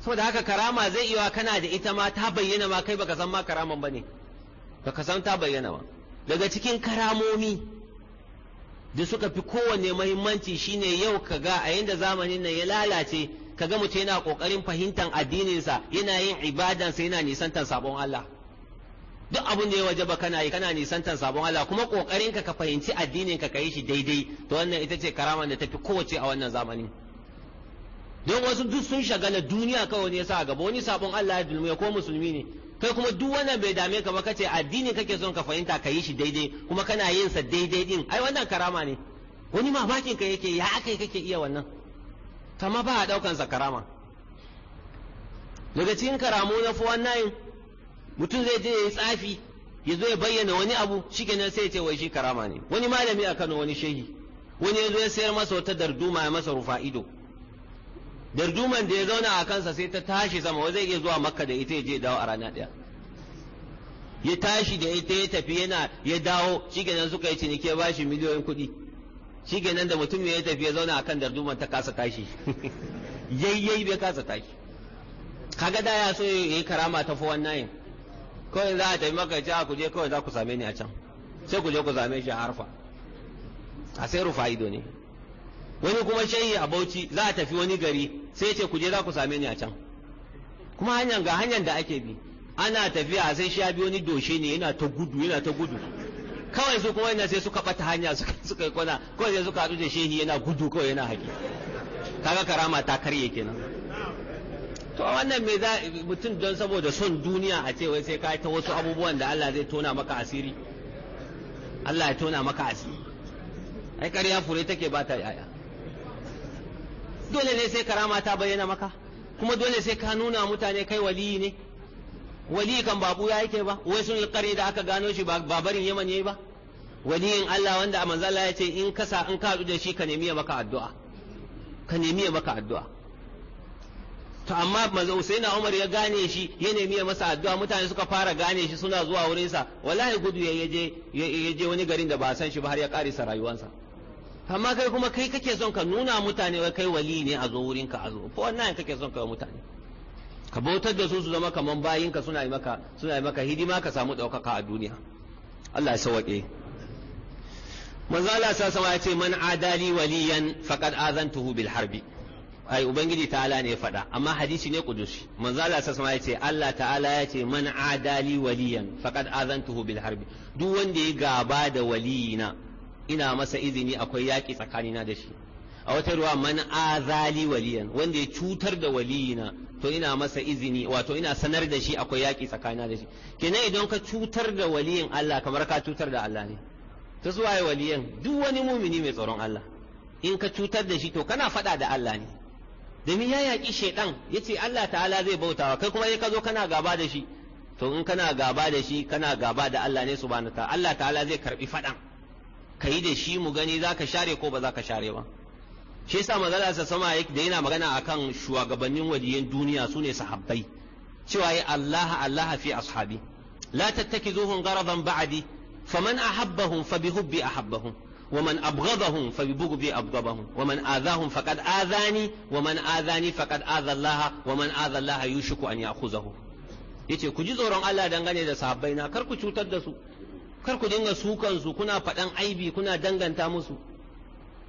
saboda haka karama zai iya kana da ita ma ta bayyana ma kai baka san ma karaman ba ne baka san ta bayyana ba daga cikin karamomi da suka fi kowanne mahimmanci shine yau ka ga a yanda zamanin nan ya lalace ka ga mutum yana kokarin fahimtar addininsa yana yin ibadansa yana nisantar sabon Allah duk abin da ya wajaba kana yi kana nisantar sabon Allah kuma kokarin ka ka fahimci addinin ka yi shi daidai to wannan ita ce karama da tafi kowace a wannan zamani. don wasu duk sun shagala duniya kawai ne sa gaba wani sabon Allah ya dulmiya ko musulmi ne kai kuma duk wannan bai dame ka ba kace addini kake son ka fahimta ka yi shi daidai kuma kana yin sa daidai din ai wannan karama ne wani mamakin ka yake ya akai kake iya wannan kama ba a daukan sa karama daga cikin karamu na 419 mutum zai je ya yi tsafi ya zo ya bayyana wani abu shikenan sai ya ce wai shi karama ne wani malami a Kano wani shehi wani ya zo ya sayar masa wata darduma ya masa rufa ido darduman da ya zauna a kansa sai ta tashi sama wai zai iya zuwa makka da ita ya je dawo a rana ɗaya ya tashi da ita ya tafi yana ya dawo shikenan suka yi ya ba shi miliyoyin kuɗi shikenan da mutum ya tafi ya zauna a kan darduman ta kasa tashi *laughs* yayyai bai kasa tashi kaga da ya so ya yi karama ta fi yin kawai za a tafi maka a ce ah, kawai za ku same ni a can sai ku je ku same shi a harfa a sai rufa ido ne wani kuma shayi a bauchi za a tafi wani gari sai ce ku je za ku same ni a can kuma hanyar ga hanyar da ake bi ana tafiya sai shi ya bi wani doshe ne yana ta gudu yana ta gudu kawai su kuma yana sai suka bata hanya suka yi kwana kawai sai suka haɗu da shehi yana gudu kawai yana haƙi kaga karama ta karye kenan to wannan me za mutum don saboda son duniya a ce wai sai ka ta wasu abubuwan da Allah zai tona maka asiri Allah ya tona maka asiri ai ƙarya fure take ba ta yaya dole ne sai karama ta bayyana maka kuma dole sai ka nuna mutane kai waliyi ne waliyi kan babu ya yake ba wai sun kare da aka gano shi ba barin yaman yayi ba waliyin Allah wanda a manzala ya ce in kasa in ka da shi ka nemi maka addu'a ka nemi maka addu'a to amma manzo Usaina Umar ya gane shi ya nemi ya masa addu'a mutane suka fara gane shi suna zuwa wurin sa wallahi gudu ya je ya je wani garin da ba san shi ba har ya sa rayuwarsa amma kai kuma kai kake son ka nuna mutane wai kai wali ne a zo wurin ka a zo ko wannan kake son ka mutane ka bautar da su su zama kaman bayinka suna yi maka suna yi maka hidima ka samu daukaka a duniya Allah ya sauke manzo Allah sa sama ya ce man adali waliyan faqad azantuhu bil harbi ai ubangiji ta'ala ne ya faɗa amma hadisi ne kudusi manzo Allah sasma ya ce Allah ta'ala ya ce man adali waliyan faqad azantuhu bil harbi duk wanda ya gaba da waliyina ina masa izini akwai yaƙi tsakanina da shi a wata ruwa man azali waliyan wanda ya cutar da waliyina to ina masa izini wato ina sanar da shi akwai yaƙi tsakanina da shi kenan idan ka cutar da waliyin Allah kamar ka cutar da Allah ne ta zuwa waliyan duk wani mumini mai tsoron Allah in ka cutar da shi to kana faɗa da Allah ne domin ya yaƙi shaiɗan ya ce Allah ta'ala zai bautawa kai kuma ka zo kana gaba da shi to in kana gaba da shi kana gaba da Allah ne subhanahu ta'ala Allah ta'ala zai karbi fadan yi da shi mu gani za ka share ko ba za ka share ba shi yasa manzala sa sama da yana magana akan shugabannin waliyan duniya sune sahabbai cewa ya Allah Allah fi ashabi la tattakizuhum gharadan ba'di faman ahabbahum fa bihubbi ahabbahum ومن أبغضهم فببغضي أبغضهم ومن آذاهم فقد آذاني ومن آذاني فقد آذى الله ومن آذى الله يوشك أن يأخذه yace ku ji tsoron Allah dangane da sahabbai na kar ku cutar da su kar ku dinga sukan su kuna faɗan aibi kuna danganta musu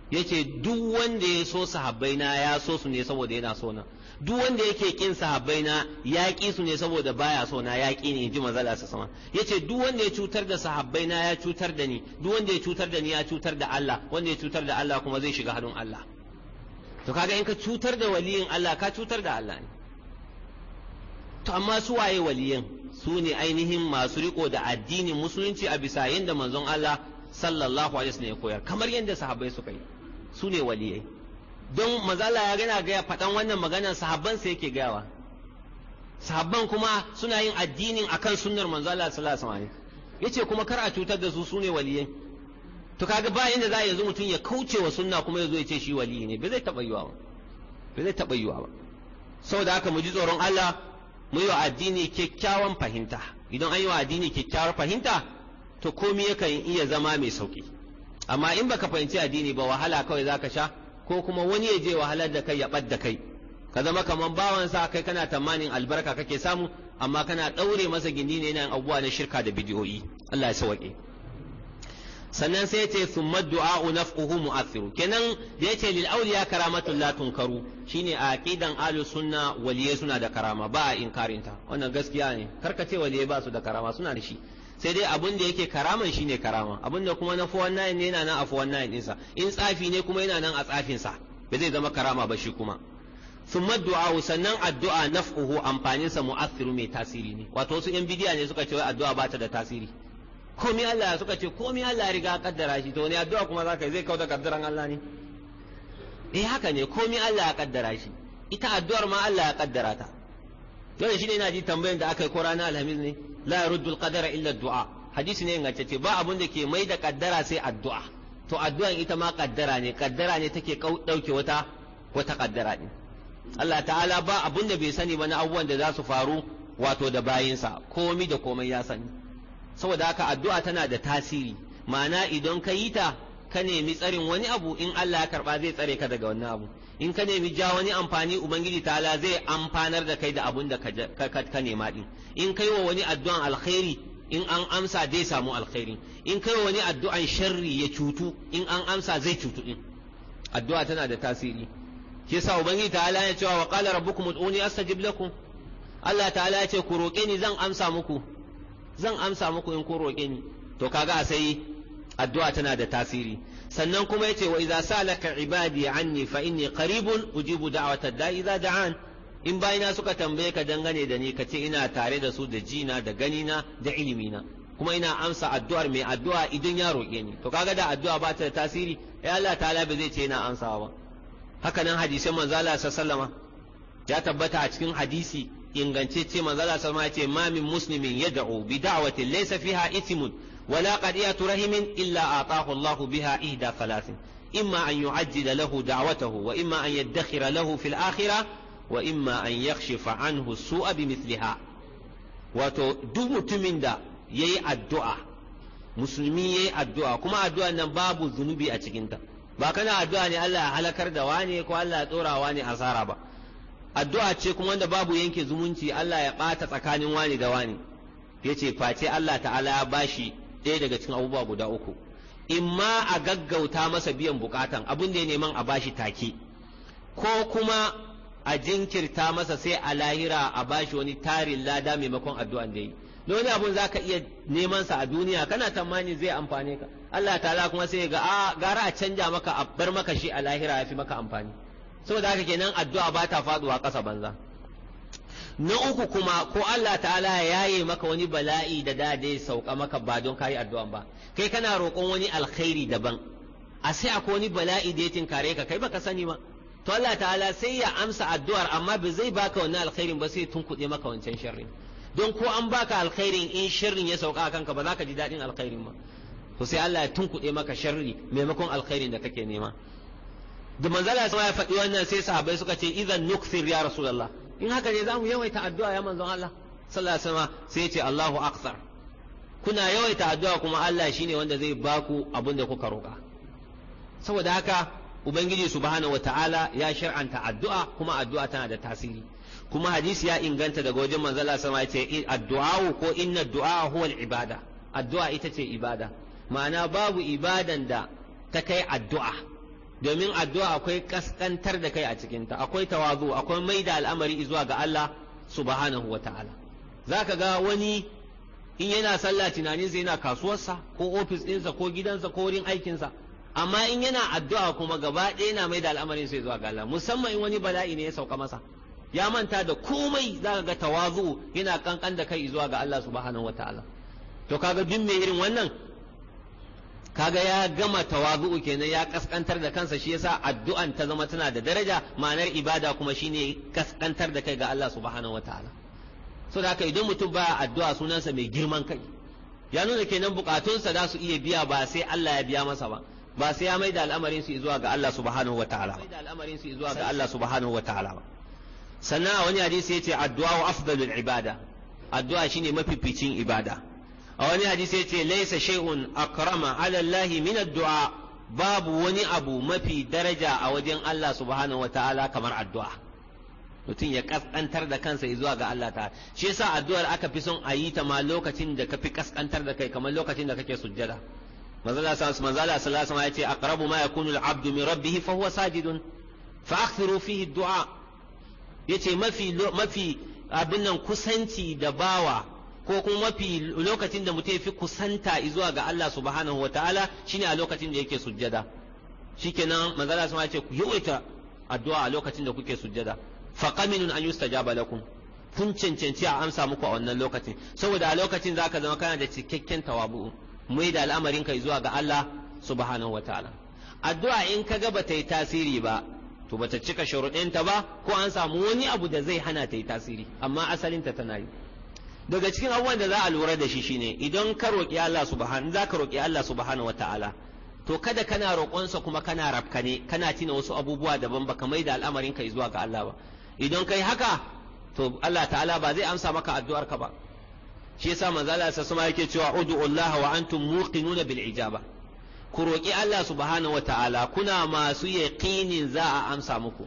yace duk wanda ya so sahabbai na ya so su ne saboda yana so na duk wanda yake kin sahabbai na ya ki su ne saboda baya so na ya ki ne ji manzala sa sama yace duk wanda ya cutar da sahabbai na ya cutar da ni duk wanda ya cutar da ni ya cutar da Allah wanda ya cutar da Allah kuma zai shiga hannun Allah to kaga in ka cutar da waliyin Allah ka cutar da Allah ne to amma su waye waliyin su ne ainihin masu riko da addinin musulunci a bisa yadda manzon Allah sallallahu alaihi wasallam ya koyar kamar yadda sahabbai suka yi su ne waliyai don mazala ya gana gaya faɗan wannan maganar sahabban sai yake gayawa sahabban kuma suna yin addinin akan sunnar manzala sallallahu alaihi yace kuma kar a cutar da su sune waliyai to kaga ba inda za a yanzu mutum ya kauce wa sunna kuma yazo ya ce shi waliyi ne ba zai taɓa yiwa ba bai zai taɓa yiwa ba saboda haka mu ji tsoron Allah mu yi wa addini kyakkyawan fahimta idan an yi wa addini kyakkyawar fahimta to komai yakan iya zama mai sauki amma in baka fahimci addini ba wahala kawai zaka sha ko kuma wani ya je wahalar da kai ya ɓad da kai ka zama kamar bawansa kai kana tamanin albarka kake samu amma kana ɗaure masa gindi ne yana abubuwa na shirka da bidiyoyi Allah ya sauke sannan sai ce summa du'a'u naf'uhu mu'athiru kenan da yace lil awliya karamatun la tunkaru shine a aqidan ahlus sunna waliyai suna da karama ba a inkarinta wannan gaskiya ne karkace waliyai ba su da karama suna da shi sai dai abun da yake karaman shine karama abun da kuma na 419 ne yana nan a 419 sa in tsafi ne kuma yana nan a tsafin sa ba zai zama karama ba shi kuma summa du'a sannan addu'a naf'uhu amfanin sa mu'athiru mai tasiri ne wato wasu yan bidiya ne suka ce wai addu'a ba ta da tasiri komai Allah suka ce komai Allah ya riga kaddara shi to ne addu'a kuma zaka zai kauda kaddaran Allah ne eh haka ne komai Allah ya kaddara shi ita addu'ar ma Allah ya kaddara ta yau shine ina ji tambayar da aka yi ko ranar alhamis ne la yaruddul qadara illa du'a hadisi ne ce ba abun da ke mai da kaddara sai addu'a to addu'an ita ma kaddara ne kaddara ne take dauke wata wata kaddara ne Allah ta'ala ba abun da bai sani ba na abubuwan da za su faru wato da bayinsa komi da komai ya sani saboda haka addu'a tana da tasiri ma'ana idan ka yi ta ka nemi tsarin wani abu in Allah ya karba zai tsare ka daga wannan abu in ka nemi ja wani amfani ubangiji ta'ala zai amfanar da kai da abun da ka nema din in kai wa wani addu'an alkhairi in an amsa zai samu alkhairi in kai wa wani addu'an sharri ya cutu in an amsa zai cutu din addu'a tana da tasiri shi yasa ubangiji ta'ala ya cewa wa qala rabbukum ud'uni astajib lakum Allah ta'ala ya ce ku roƙe ni zan amsa muku zan amsa muku in ku roƙe ni to kaga a sai addu'a tana da tasiri sannan kuma yace wa idza salaka ibadi anni fa inni qaribun ujibu da'watad da'i idza da'an in bayina suka tambaye ka dangane da ni ka ce ina tare da su da jina da ganina da ilimi na. kuma ina amsa addu'ar mai addu'a idan ya roƙe ni to kaga da addu'a ba ta da tasiri ya Allah ta'ala ba zai ce ina amsawa ba haka nan hadisin manzo Allah sallama ya tabbata a cikin hadisi ingancacce manzo Allah sallama ya ce ma min muslimin yad'u bi da'wati laysa fiha ithmun ولا قضية رحم إلا أعطاه الله بها إحدى ثلاث إما أن يعجل له دعوته وإما أن يدخر له في الآخرة وإما أن يخشف عنه السوء بمثلها wato duk mutumin da ya yi addu'a musulmi ya yi addu'a kuma addu'a nan babu zunubi a cikinta ba kana addu'a ne Allah ya halakar da wane ko Allah ya tsora wane asara ba addu'a ce kuma wanda babu yanke zumunci Allah ya ɓata tsakanin wane da wani. ya ce face Allah ta'ala ya bashi ɗaya daga cikin abubuwa guda uku in ma a gaggauta masa biyan bukatan abin da ya neman a bashi take ko kuma a jinkirta masa sai a lahira a bashi wani tarin lada maimakon addu'an da yi da wani abun za ka iya neman sa a duniya kana tamani zai amfane ka Allah ta'ala kuma sai ga a ah, gara a canja maka a bar maka shi a lahira ya fi maka amfani saboda haka kenan addu'a ba ta faduwa ƙasa banza na uku kuma ko Allah ta'ala ya yaye maka wani bala'i da da dai sauka maka ba don kayi addu'an ba kai kana roƙon wani alkhairi daban a sai akwai wani bala'i da ya tinkare ka kai baka sani ma. to Allah ta'ala sai ya amsa addu'ar amma ba zai baka wannan alkhairin ba sai tunkuɗe maka wancan sharrin don ko an baka alkhairin in sharrin ya sauka a kanka ba za ka ji daɗin alkhairin ba to sai Allah ya tunkuɗe maka sharri maimakon alkhairin da kake nema da manzala sama ya faɗi wannan sai sahabbai suka ce idan nukthir ya rasulullah in haka ne za mu yawaita addu'a ya manzon Allah sallallahu alaihi wasallam sai ya ce Allahu akthar kuna yawaita addu'a kuma Allah shine wanda zai baku abin da kuka roƙa saboda haka ubangiji subhanahu wataala ya shar'anta addu'a kuma addu'a tana da tasiri kuma hadisi ya inganta daga wajen manzon Allah sallallahu alaihi wasallam ya ce addu'a ko inna du'a huwa ibada addu'a ita ce ibada ma'ana babu ibadan da ta kai addu'a domin addu'a akwai kaskantar da kai a cikinta akwai tawazu akwai mai da al'amari zuwa ga Allah subhanahu wata'ala ka ga wani in yana sallah tunaninsa yana kasuwarsa ko ofis ɗinsa ko gidansa ko wurin aikinsa amma in yana addu'a kuma gaba ɗaya yana mai da al'amarin sai zuwa ga Allah musamman in wani bala'i ne ya sauka masa ya manta da komai zaka ga tawazu yana kankan da kai zuwa ga Allah subhanahu wata'ala to kaga bin mai irin wannan kaga ya gama tawazu'u kenan ya kaskantar da kansa shi yasa addu'an ta zama tana da daraja ma'anar ibada kuma shine kaskantar da kai ga Allah subhanahu wataala so da haka idan mutum baya addu'a sunansa mai girman kai ya nuna kenan bukatunsa za su iya biya ba sai Allah ya biya masa ba ba sai ya maida al'amarin su zuwa ga Allah subhanahu wataala ba al'amarin su zuwa ga Allah subhanahu wataala ba sannan a wani hadisi yace addu'a afdalul ibada addu'a shine mafificin ibada a wani hadisi ya ce laisa shay'un akrama ala Allah min addu'a babu wani abu mafi daraja a wajen Allah subhanahu wataala kamar addu'a mutum ya kaskantar da kansa zuwa ga Allah ta shi yasa addu'ar aka fi son a yi ta ma lokacin da kafi kaskantar da kai kamar lokacin da kake sujjada manzala sallallahu alaihi wasallam ya ce aqrabu ma yakunu al-abdu min rabbih fa huwa sajidun fa akthiru fihi ad-du'a yace mafi mafi abin nan kusanci da bawa ko kuma mafi lokacin da mutum fi kusanta zuwa ga Allah subhanahu wataala shine a lokacin da yake sujjada shikenan manzala sama ce ku yawaita addu'a a lokacin da kuke sujjada faqaminun an yustajaba lakum kun cancanci a amsa muku a wannan lokacin saboda a lokacin zaka zama kana da cikakken tawabu mai da al'amarin kai zuwa ga Allah subhanahu wataala addu'a in ka ga bata yi tasiri ba to bata cika ta ba ko an samu wani abu da zai hana ta yi tasiri amma asalinta tana yi daga cikin abubuwan da za a lura da shi shine idan ka roƙi Allah subhanahu za ka roƙi Allah subhanahu wataala to kada kana roƙonsa kuma kana rafkane kana tina wasu abubuwa daban baka mai da al'amarin ka zuwa ga Allah ba idan kai haka to Allah ta'ala ba zai amsa maka addu'ar ka ba shi yasa manzo Allah sa sama yake cewa ud'u Allah wa antum muqinuna bil ijaba ku roƙi Allah subhanahu wataala kuna masu yaqinin za a amsa muku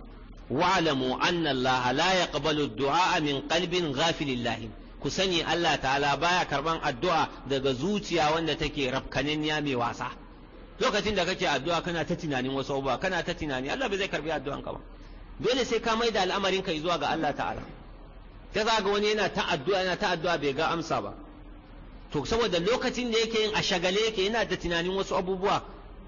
wa'lamu anna Allah la yaqbalu du'a min qalbin ghafilillahi ku sani Allah ta'ala baya karban addu'a daga zuciya wanda take rafkananniya mai wasa lokacin da kake addu'a kana ta tunanin wasu abubuwa kana ta tunani Allah bai zai karbi addu'anka ba dole sai ka maida al'amarin ka zuwa ga Allah ta'ala ta zaga wani yana ta addu'a yana ta addu'a bai ga amsa ba to saboda lokacin da yake yin a shagale yake yana da tunanin wasu abubuwa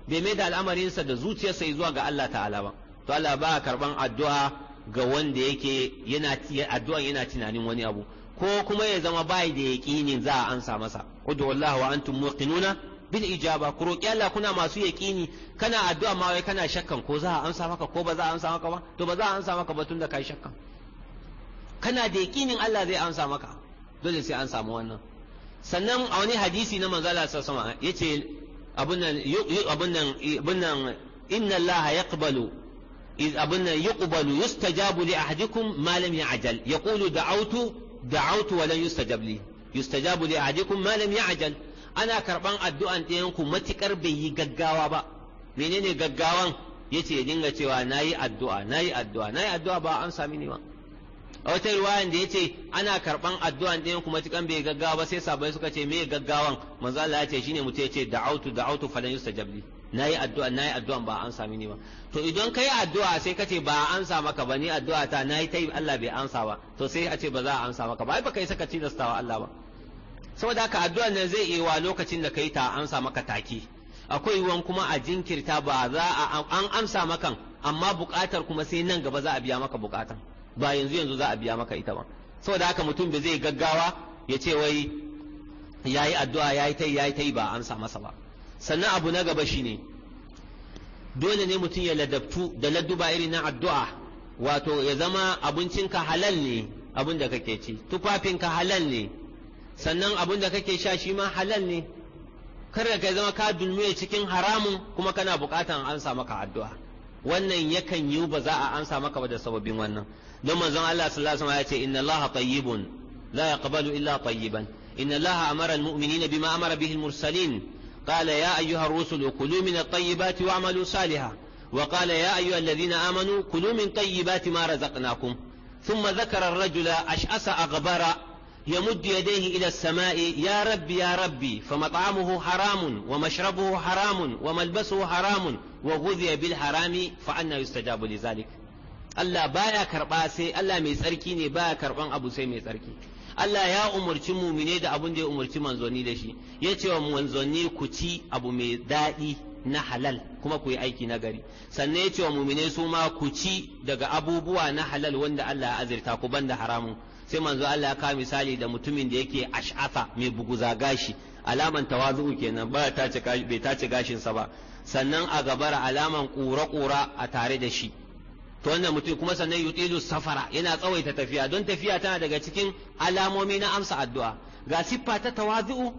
bai maida da al'amarinsa da zuciyarsa zuwa ga Allah ta'ala ba to Allah ba karban addu'a ga wanda yake yana addu'a yana tunanin wani abu ko kuma ya zama bai da yaqinin za a ansa masa ud'u Allah wa antum muqinuna bil ijaba ku roki Allah kuna masu yaqini kana addu'a ma wai kana shakkan ko za a ansa maka ko ba za a ansa maka ba to ba za a ansa maka ba tunda kai shakkan kana da yaqinin Allah zai ansa maka dole sai an samu wannan sannan a wani hadisi na manzo Allah sallallahu alaihi wasallam yace abun nan abun nan abun nan inna Allah yaqbalu إذ أبنا يقبل يستجاب لأحدكم ما لم يعجل يقول دعوت da'autu wa lan yustajab ana karban addu'an ɗayan ku matikar bai yi gaggawa ba menene gaggawan yace dinga cewa nayi addu'a nayi addu'a nayi addu'a ba an sami ne ba a wata riwayan da yace ana karban addu'an ɗayan ku matikan bai gaggawa ba sai sabai suka ce me gaggawan manzo Allah ya shine mutum yace da'autu da'autu falan yustajab Na yi addu'a na yi addu'a ba an sami ni ba to idan kai addu'a sai ce ba an sa maka ba ni addu'a ta na yi tayi Allah bai ansa ba to sai a ce ba za a ansa maka ba ai baka yi saka tilastawa Allah ba saboda haka addu'a nan zai iya lokacin da kai ta ansa maka take akwai wan kuma a jinkirta ba za a an ansa maka amma buƙatar kuma sai nan gaba za a biya maka buƙatan ba yanzu yanzu za a biya maka ita ba saboda haka mutum bai zai gaggawa ya ce wai yayi addu'a yayi tayi yayi tayi ba an sa masa ba sannan abu na gaba shine dole ne mutum ya ladabtu da ladduba irin na addu'a wato ya zama abincinka halal ne abin da kake ci tufafinka halal ne sannan abin da kake sha shi ma halal ne kar ka zama ka dulmiye cikin haramun kuma kana buƙatan an sa maka addu'a wannan yakan yiwu ba za a ansa maka ba da sababin wannan don manzon Allah sallallahu alaihi wasallam ya ce inna Allah tayyibun la yaqbalu illa tayyiban inna Allah amara almu'minina bima amara bihi mursalin قال يا أيها الرسل كلوا من الطيبات واعملوا صالحا وقال يا أيها الذين آمنوا كلوا من طيبات ما رزقناكم ثم ذكر الرجل أشأس أغبر يمد يديه إلى السماء يا ربي يا ربي فمطعمه حرام ومشربه حرام وملبسه حرام وغذي بالحرام فأنا يستجاب لذلك الله بايا كرباسي الله ميسركيني بايا كربان أبو سي ميسركيني Allah ya umarci mumine da abin da ya umarci manzanni da shi ya ce wa manzanni ku ci abu mai daɗi na halal kuma ku yi aiki na gari sannan ya ce wa mumine su ma ku ci daga abubuwa na halal wanda Allah ya azirta ku banda haramun sai manzo Allah ya kawo misali da mutumin da yake ash'afa mai buguza gashi alaman tawazu kenan ba ta bai tace gashinsa ba sannan a gabara alaman ƙura-ƙura a tare da shi to wannan mutum kuma sannan yutilu safara yana tsawaita tafiya don tafiya tana daga cikin alamomi na amsa addu'a ga siffa ta tawazu'u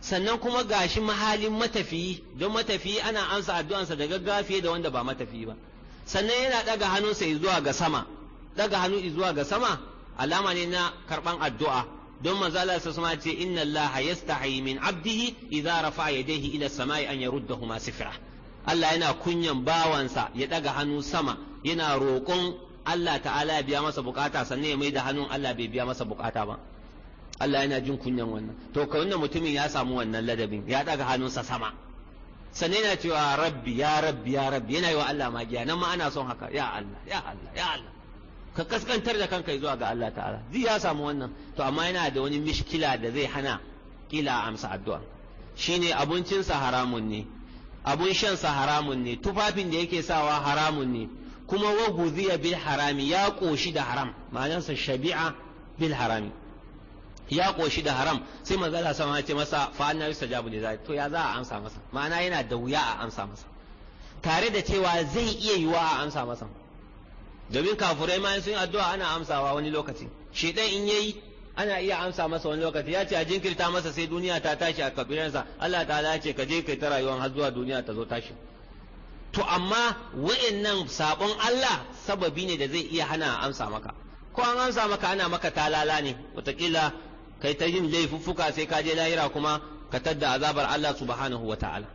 sannan kuma gashi mahalin matafiyi don matafiyi ana amsa addu'ansa da gaggawa fiye da wanda ba matafiyi ba sannan yana daga hannunsa zuwa ga sama daga hannu zuwa ga sama alama ne na karban addu'a don manzala sa sama ce inna allaha yastahi min abdihi idza rafa'a yadayhi ila samai an yaruddahuma sifra Allah yana kunyan bawansa ya daga hannu sama yana roƙon Allah ta'ala ya biya masa bukata sannan ya mai da hannun Allah bai biya masa bukata ba Allah yana jin kunyan wannan to ka wannan mutumin ya samu wannan ladabin ya daga hannunsa sama sannan yana cewa rabbi ya rabbi ya rabbi yana yi wa Allah magiya nan ma ana son haka ya Allah ya Allah ya Allah ka kaskantar da kanka zuwa ga Allah ta'ala zai ya samu wannan to amma yana da wani mishkila da zai hana kila amsa addu'a shine abincinsa haramun ne abun shansa haramun ne tufafin da yake sawa haramun ne kuma wa guziya bil harami ya koshi da haram ma'anarsa shabi'a bil harami ya koshi da haram sai manzala sama ce masa fa annabi sajabu ne zai to ya za a amsa masa ma'ana yana da wuya a amsa masa tare da cewa zai iya yiwa a amsa masa domin kafurai ma sun addu'a ana amsawa wani lokaci shedan in yayi ana iya amsa masa wani lokaci ya ce a jinkirta masa sai duniya ta tashi a kabiransa Allah ta'ala ce ka je kai ta rayuwar har zuwa duniya ta zo tashi to amma wa'annan sabon Allah sababi ne da zai iya hana amsa maka ko an amsa maka ana maka talala ne wataƙila kai ta yin laifuffuka sai ka je lahira kuma ka tadda azabar Allah subhanahu wa ta'ala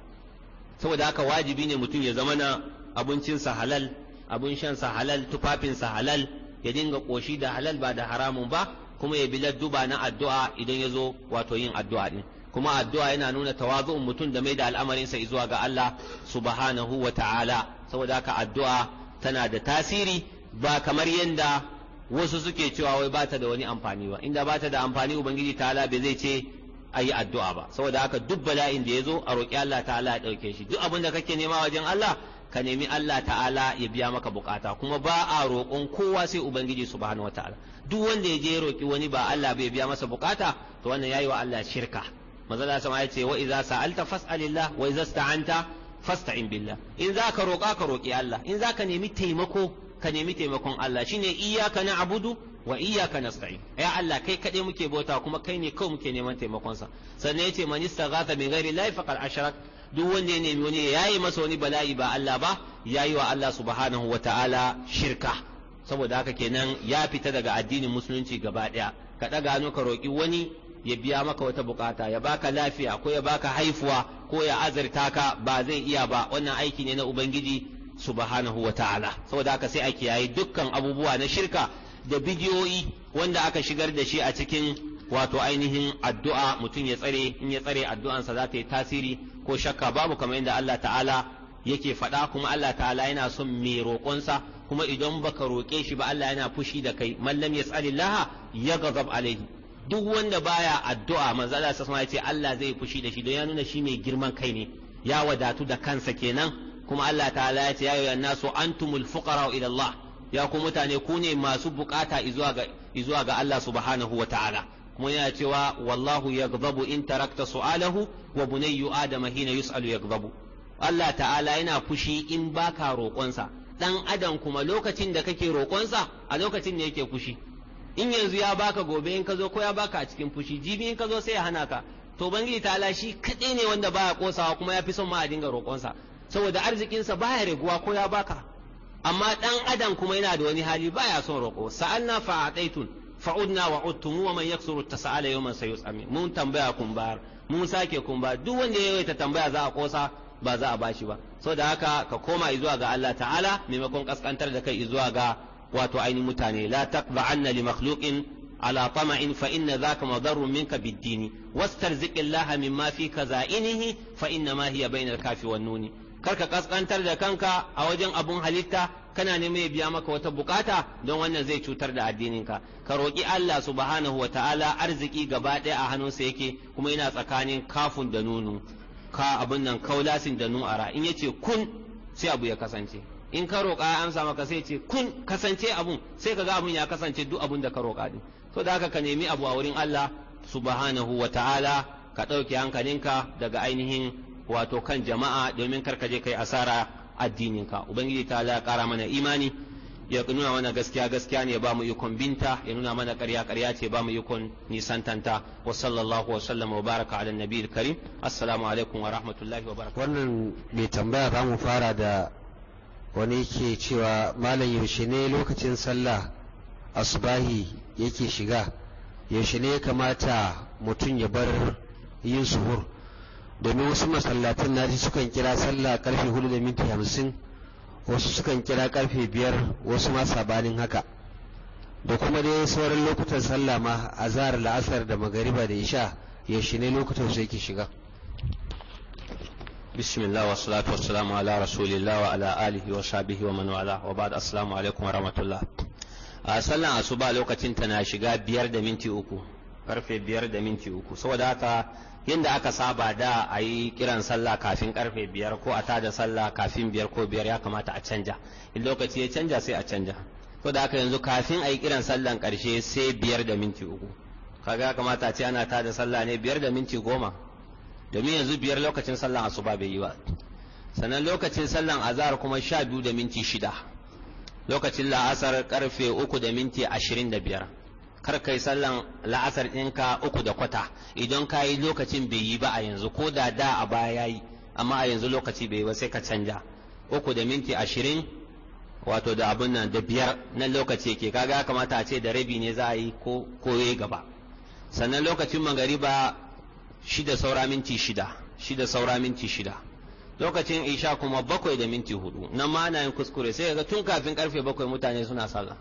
saboda haka wajibi ne mutum ya zama na abincinsa halal abin shansa halal tufafinsa halal ya dinga ƙoshi da halal ba da haramun ba kuma ya bi ladduba na addu'a idan ya zo wato yin addu'a din kuma addu'a yana nuna tawazu'un mutum da mai da al'amarinsa zuwa ga Allah subhanahu wa ta'ala saboda haka addu'a tana da tasiri ba kamar yadda wasu suke cewa wai bata da wani amfani ba inda ba ta da amfani ubangiji ta'ala bai zai ce ayi addu'a ba saboda haka duk bala'in da ya zo a roƙi Allah ta'ala ya ɗauke shi duk abin da kake nema wajen Allah ka nemi Allah ta'ala ya biya maka bukata kuma ba a roƙon kowa sai ubangiji subhanahu wataala duk wanda ya je roƙi wani ba Allah bai biya masa bukata to wannan yayi wa Allah shirka manzala sama ya ce wa idza sa'alta fas'alillah wa idza sta'anta fasta'in billah in zaka roƙa ka roƙi Allah in zaka nemi taimako ka nemi taimakon Allah shine iyyaka na'budu wa iyyaka nasta'in ya Allah kai kaɗai muke bauta kuma kai ne kawai muke neman taimakon sa sannan yace man istaghatha min ghairi llahi faqad ashrak duk wanda ya nemi wani ya yi masa wani bala'i ba Allah ba ya yi wa Allah subhanahu wa ta'ala shirka saboda haka kenan ya fita daga addinin musulunci gaba ɗaya ka ɗaga hannu ka roƙi wani ya biya maka wata bukata ya baka lafiya ko ya baka haifuwa ko ya azurta ka ba zai iya ba wannan aiki ne na ubangiji subhanahu wa ta'ala saboda haka sai a kiyaye dukkan abubuwa na shirka da bidiyoyi wanda aka shigar da shi a cikin wato ainihin addu'a mutum ya tsare in ya tsare addu'ansa za ta yi tasiri ko shakka babu kamar inda Allah ta'ala yake faɗa kuma Allah ta'ala yana son mai roƙonsa kuma idan baka roƙe shi ba Allah yana fushi da kai mallam ya ya gazab alaihi duk wanda baya addu'a manzo Allah sallallahu Allah zai fushi da shi don ya nuna shi mai girman kai ne ya wadatu da kansa kenan kuma Allah ta'ala ya ce ya ayyuhan nasu antumul fuqara ila Allah ya ku mutane ku ne masu bukata izuwa ga izuwa ga Allah subhanahu wa ta'ala kuma yana cewa wallahu yaghdabu in tarakta su'alahu wa bunayyu adama hina yus'alu yaghdabu Allah ta'ala yana fushi in baka roƙonsa dan adam kuma lokacin da kake roƙonsa a lokacin ne yake fushi in yanzu ya baka gobe in ka zo ko ya baka a cikin fushi jibi in ka zo sai ya hana ka to bangiji ta'ala shi kadai ne wanda baya kosawa kuma ya fi son ma a dinga roƙonsa saboda arzikinsa baya raguwa ko ya baka amma dan adam kuma yana da wani hali baya son roƙo sa'alna fa'ataitun fa'udna wa uttumu wa man yaksuru tasala yawman sayusami mun tambaya kumbar mun sake kumbar duk wanda ya yawaita tambaya za a kosa ba za a bashi ba so da haka ka koma zuwa ga Allah ta'ala maimakon kaskantar da kai zuwa ga wato ainihin mutane la taqba anna li makhluqin ala tama'in fa inna zaka madarrun minka bid-dini tarzikin Allah mimma fi kaza'inihi fa inna ma hiya bainal kafi wan nuni karka kaskantar da kanka a wajen abun halitta kana neman ya biya maka wata bukata don wannan zai cutar da addininka ka roƙi Allah subhanahu wa ta'ala arziki gaba ɗaya a hannunsa yake kuma yana tsakanin kafun da nunu ka abin nan kaulasin da nu'ara in yace kun sai abu ya kasance in ka roƙa ya amsa maka sai ce kun kasance abun sai ka abun ya kasance duk abun da ka roƙa din to da haka ka nemi abu a wurin Allah subhanahu wa ta'ala ka ɗauke hankalinka daga ainihin wato kan jama'a domin kar ka je kai asara addininka ubangiji ta la kara mana imani ya nuna mana gaskiya gaskiya ne ba mu ikon binta ya nuna mana ƙarya ƙarya ce ba mu ikon nisantanta wa sallallahu wa sallam wa baraka ala nabi karim assalamu alaikum wa rahmatullahi wa baraka. wannan mai tambaya za mu fara da wani ke cewa malam yaushe ne lokacin sallah asubahi yake shiga yaushe ne ya kamata mutum ya bar yin suhur domin wasu masallatan na su sukan kira sallah karfe hudu da minti hamsin wasu sukan kira karfe biyar wasu ma sabanin haka da kuma dai sauran lokutan sallah ma a zahar la'asar da magariba da isha ya shi ne lokutan su yake shiga bismillah wasu salatu wasu salamu ala rasulillah wa ala alihi wa sahbihi wa man wala wa ba'd assalamu alaikum wa rahmatullah a sallan asuba lokacin ta na shiga biyar da minti uku karfe biyar da minti uku saboda haka yadda aka saba da a yi kiran sallah kafin karfe biyar ko a tada sallah kafin biyar ko biyar ya kamata a canja in lokaci ya canja sai a canja to da haka yanzu kafin a yi kiran sallan karshe sai biyar da minti uku kaga ya kamata a ce ana tada sallah ne biyar da minti goma domin yanzu biyar lokacin sallan asuba bai yi ba sannan lokacin sallan azhar kuma sha biyu da minti shida lokacin la'asar karfe uku da minti ashirin da biyar kar kai sallan la'asar ɗinka uku da kwata idan ka yi lokacin bai yi ba a yanzu ko da da a baya ya yi amma a yanzu lokaci bai yi ba sai ka canja uku da minti ashirin wato da abun nan da biyar nan lokaci yake kaga kamata a ce da rabi ne za a yi ko koye gaba sannan lokacin magariba shida saura minti shida shida saura minti shida lokacin isha kuma bakwai da minti hudu nan ma na yin kuskure sai ga tun kafin karfe bakwai mutane suna sallah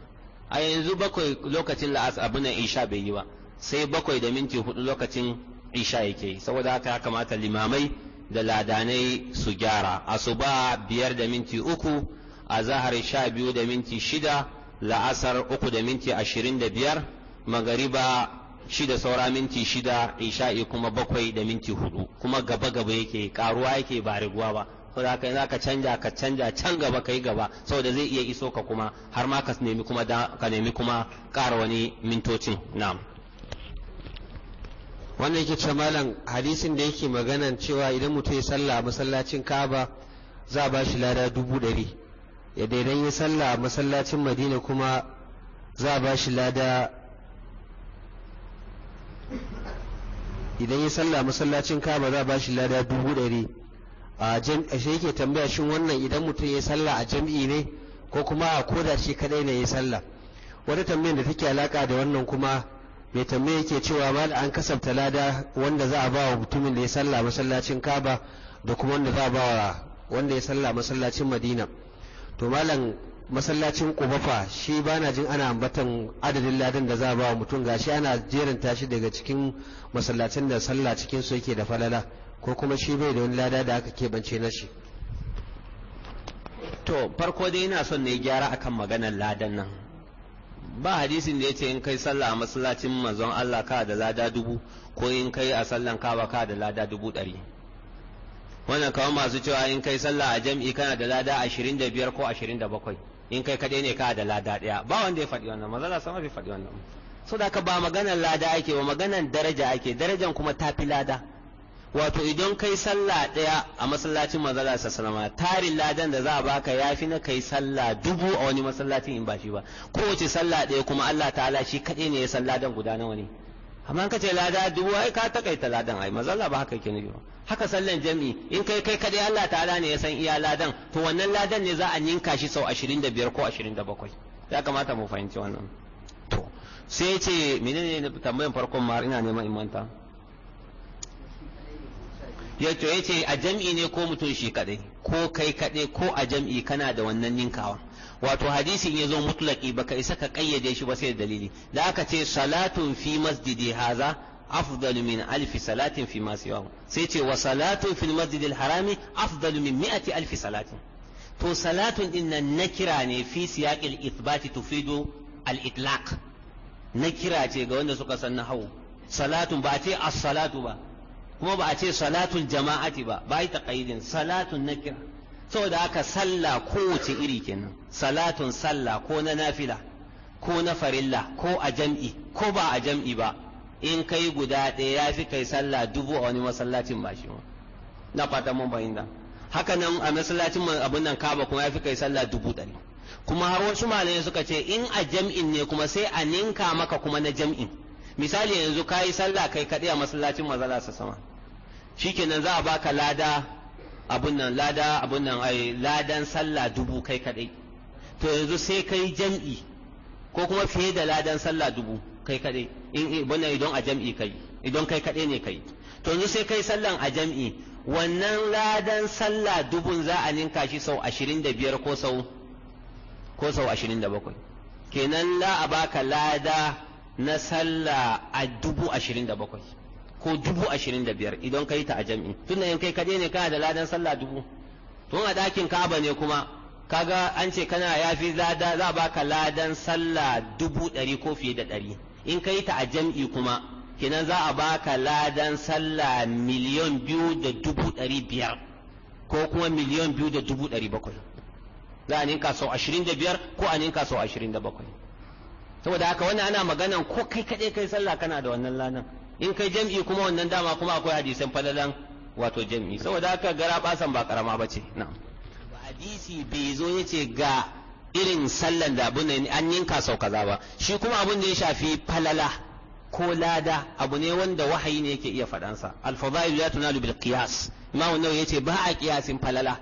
a yanzu bakwai lokacin la'as abin isha bai yi ba sai bakwai da minti hudu lokacin isha yake yi saboda haka ya kamata limamai da ladanai su gyara a su ba biyar da minti uku a zahar sha biyu da minti shida la'asar uku da minti ashirin da biyar magariba shida saura minti shida isha'i kuma bakwai da minti hudu kuma gaba gaba yake karuwa yake ba riguwa ba saboda haka za ka canja ka canja can gaba kai gaba saboda zai iya iso ka kuma har ma ka nemi kuma ka nemi kuma ƙara wani mintocin na'am wannan yake ce malam hadisin da yake maganan cewa idan mutum ya sallah a masallacin Ka'aba za a ba shi lada dubu ɗari ya daidan ya sallah a masallacin Madina kuma za a ba shi lada idan ya sallah masallacin Ka'aba za a ba shi lada dubu ɗari a shi yake tambaya shin wannan idan mutum ya salla a jam'i ne ko kuma a koda shi kadai ne ya salla wata tambayar da take alaka da wannan kuma mai tambaya yake cewa mal an kasafta lada wanda za a ba wa mutumin da ya salla masallacin Kaba da kuma wanda za a ba wa wanda ya salla masallacin Madina to malam masallacin kubafa shi ba na jin ana ambatan adadin ladan da za a ba wa mutum gashi ana jeranta shi daga cikin masallacin da sallah cikin su yake da falala ko kuma shi bai da wani lada da aka keɓance na shi to farko dai ina son ne gyara akan maganar ladan nan ba hadisin da ya ce in kai sallah a masallacin manzon Allah ka da lada dubu ko in kai a sallan kawa ka da lada dubu ɗari wannan kawai masu cewa in kai sallah a jam'i kana da lada ashirin da biyar ko ashirin da bakwai in kai kaɗai ne ka da lada ɗaya ba wanda ya faɗi wannan maza sama bai faɗi wannan so da ka ba maganar lada ake ba maganar daraja ake darajan kuma tafi lada wato idan kai sallah ɗaya a masallacin manzala sallama tarin ladan da za a baka yafi na kai sallah dubu a wani masallacin in ba shi ba kowace sallah ɗaya kuma Allah ta'ala shi kaɗai ne ya san ladan guda nawa ne amma ka ce lada dubu ai ka takaita ladan ai mazalla ba haka yake nufi ba haka sallan jami'i in kai kai kaɗai Allah ta'ala ne ya san iya ladan to wannan ladan ne za a ninka shi sau 25 ko 27 ya kamata mu fahimci wannan to sai ce menene tambayan farkon ma ina neman imanta ya to ya ce a jam'i ne ko mutum shi kaɗai ko kai kaɗai ko a jam'i kana da wannan ninkawa wato hadisi in ya zo mutlaki baka isa ka kayyade shi ba sai da dalili da aka ce salatun fi masjidi haza afdalu min alfi salatin fi masu sai ce wa salatun fi harami afdalu min mi'ati alfi salatin to salatun din nan nakira ne fi siyaqil ithbati tufidu al itlaq nakira ce ga wanda suka san nahawu salatun ba ce as-salatu ba kuma ba a ce salatul jama'ati ba ba yi taƙaidin salatun nakira saboda haka sallah kowace iri kenan salatun sallah ko na nafila ko na farilla ko a jam'i ko ba a jam'i ba in kai guda ɗaya ya fi kai sallah dubu a wani masallacin ba shi na fata mun bayyana haka nan a masallacin abin nan kaba kuma ya fi kai sallah dubu ɗari kuma har wasu malamai suka ce in a jam'in ne kuma sai a ninka maka kuma na jam'in misali yanzu ka yi sallah kai kaɗai a masallacin mazala su sama shikenan za a baka lada abun nan lada abun nan ai ladan sallah dubu kai kadai to yanzu sai kai jam'i ko kuma fiye da ladan sallah dubu kai kadai in bana idan a jam'i kai idan kai kadai ne kai to yanzu sai kai sallan a jam'i wannan ladan sallah dubun za a ninka shi sau ashirin da biyar ko sau ko sau ashirin da bakwai kenan la a baka lada na sallah a dubu ashirin da bakwai ko dubu ashirin da biyar idan ka yi ta a jam'i tun da kai kaɗai ne kana da ladan sallah dubu tun a ɗakin ka'aba ne kuma kaga an ce kana yafi lada za baka ladan sallah dubu ɗari ko fiye da ɗari in ka yi ta a jam'i kuma kenan za a baka ladan sallah miliyan biyu da dubu ɗari biyar ko kuma miliyan biyu da dubu ɗari bakwai za a ninka sau ashirin da biyar ko a ninka sau ashirin da bakwai saboda haka wannan ana maganan ko kai kaɗai kai sallah kana da wannan lanan in kai jam'i kuma wannan dama kuma akwai hadisan falalan wato jam'i saboda haka gara basan ba karama ba ce na'am hadisi bai zo ya ce ga irin sallan da abun ne an yinka sau kaza ba shi kuma abun da ya shafi falala ko lada abu ne wanda wahayi ne yake iya faɗansa alfadail ya tunalu bil qiyas imamu nawawi yace ba a qiyasin falala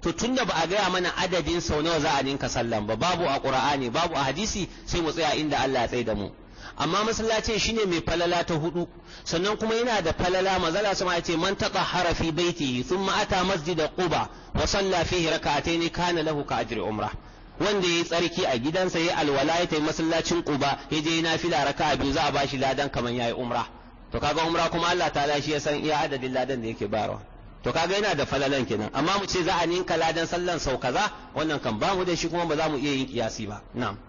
to tunda ba a gaya mana adadin sau nawa za a ninka sallan ba babu a qur'ani babu a hadisi sai mu tsaya inda Allah ya tsaye da mu amma masallaci ne mai falala ta hudu sannan kuma yana da falala mazala sama ya ce man tatahhara fi baitihi thumma ata masjida quba wa salla fihi rak'atayn kana lahu ka ajri umrah wanda yayi tsarki a gidansa yayi alwala ya tayi masallacin quba ya je nafila raka'a biyu za a bashi ladan kaman yayi umra to kaga umra kuma Allah ta'ala shi ya san iya adadin ladan da yake bayarwa to kaga yana da falalan kenan amma mu ce za a ninka ladan sallan sau kaza wannan kan bamu da shi kuma ba za mu iya yin kiyasi ba na'am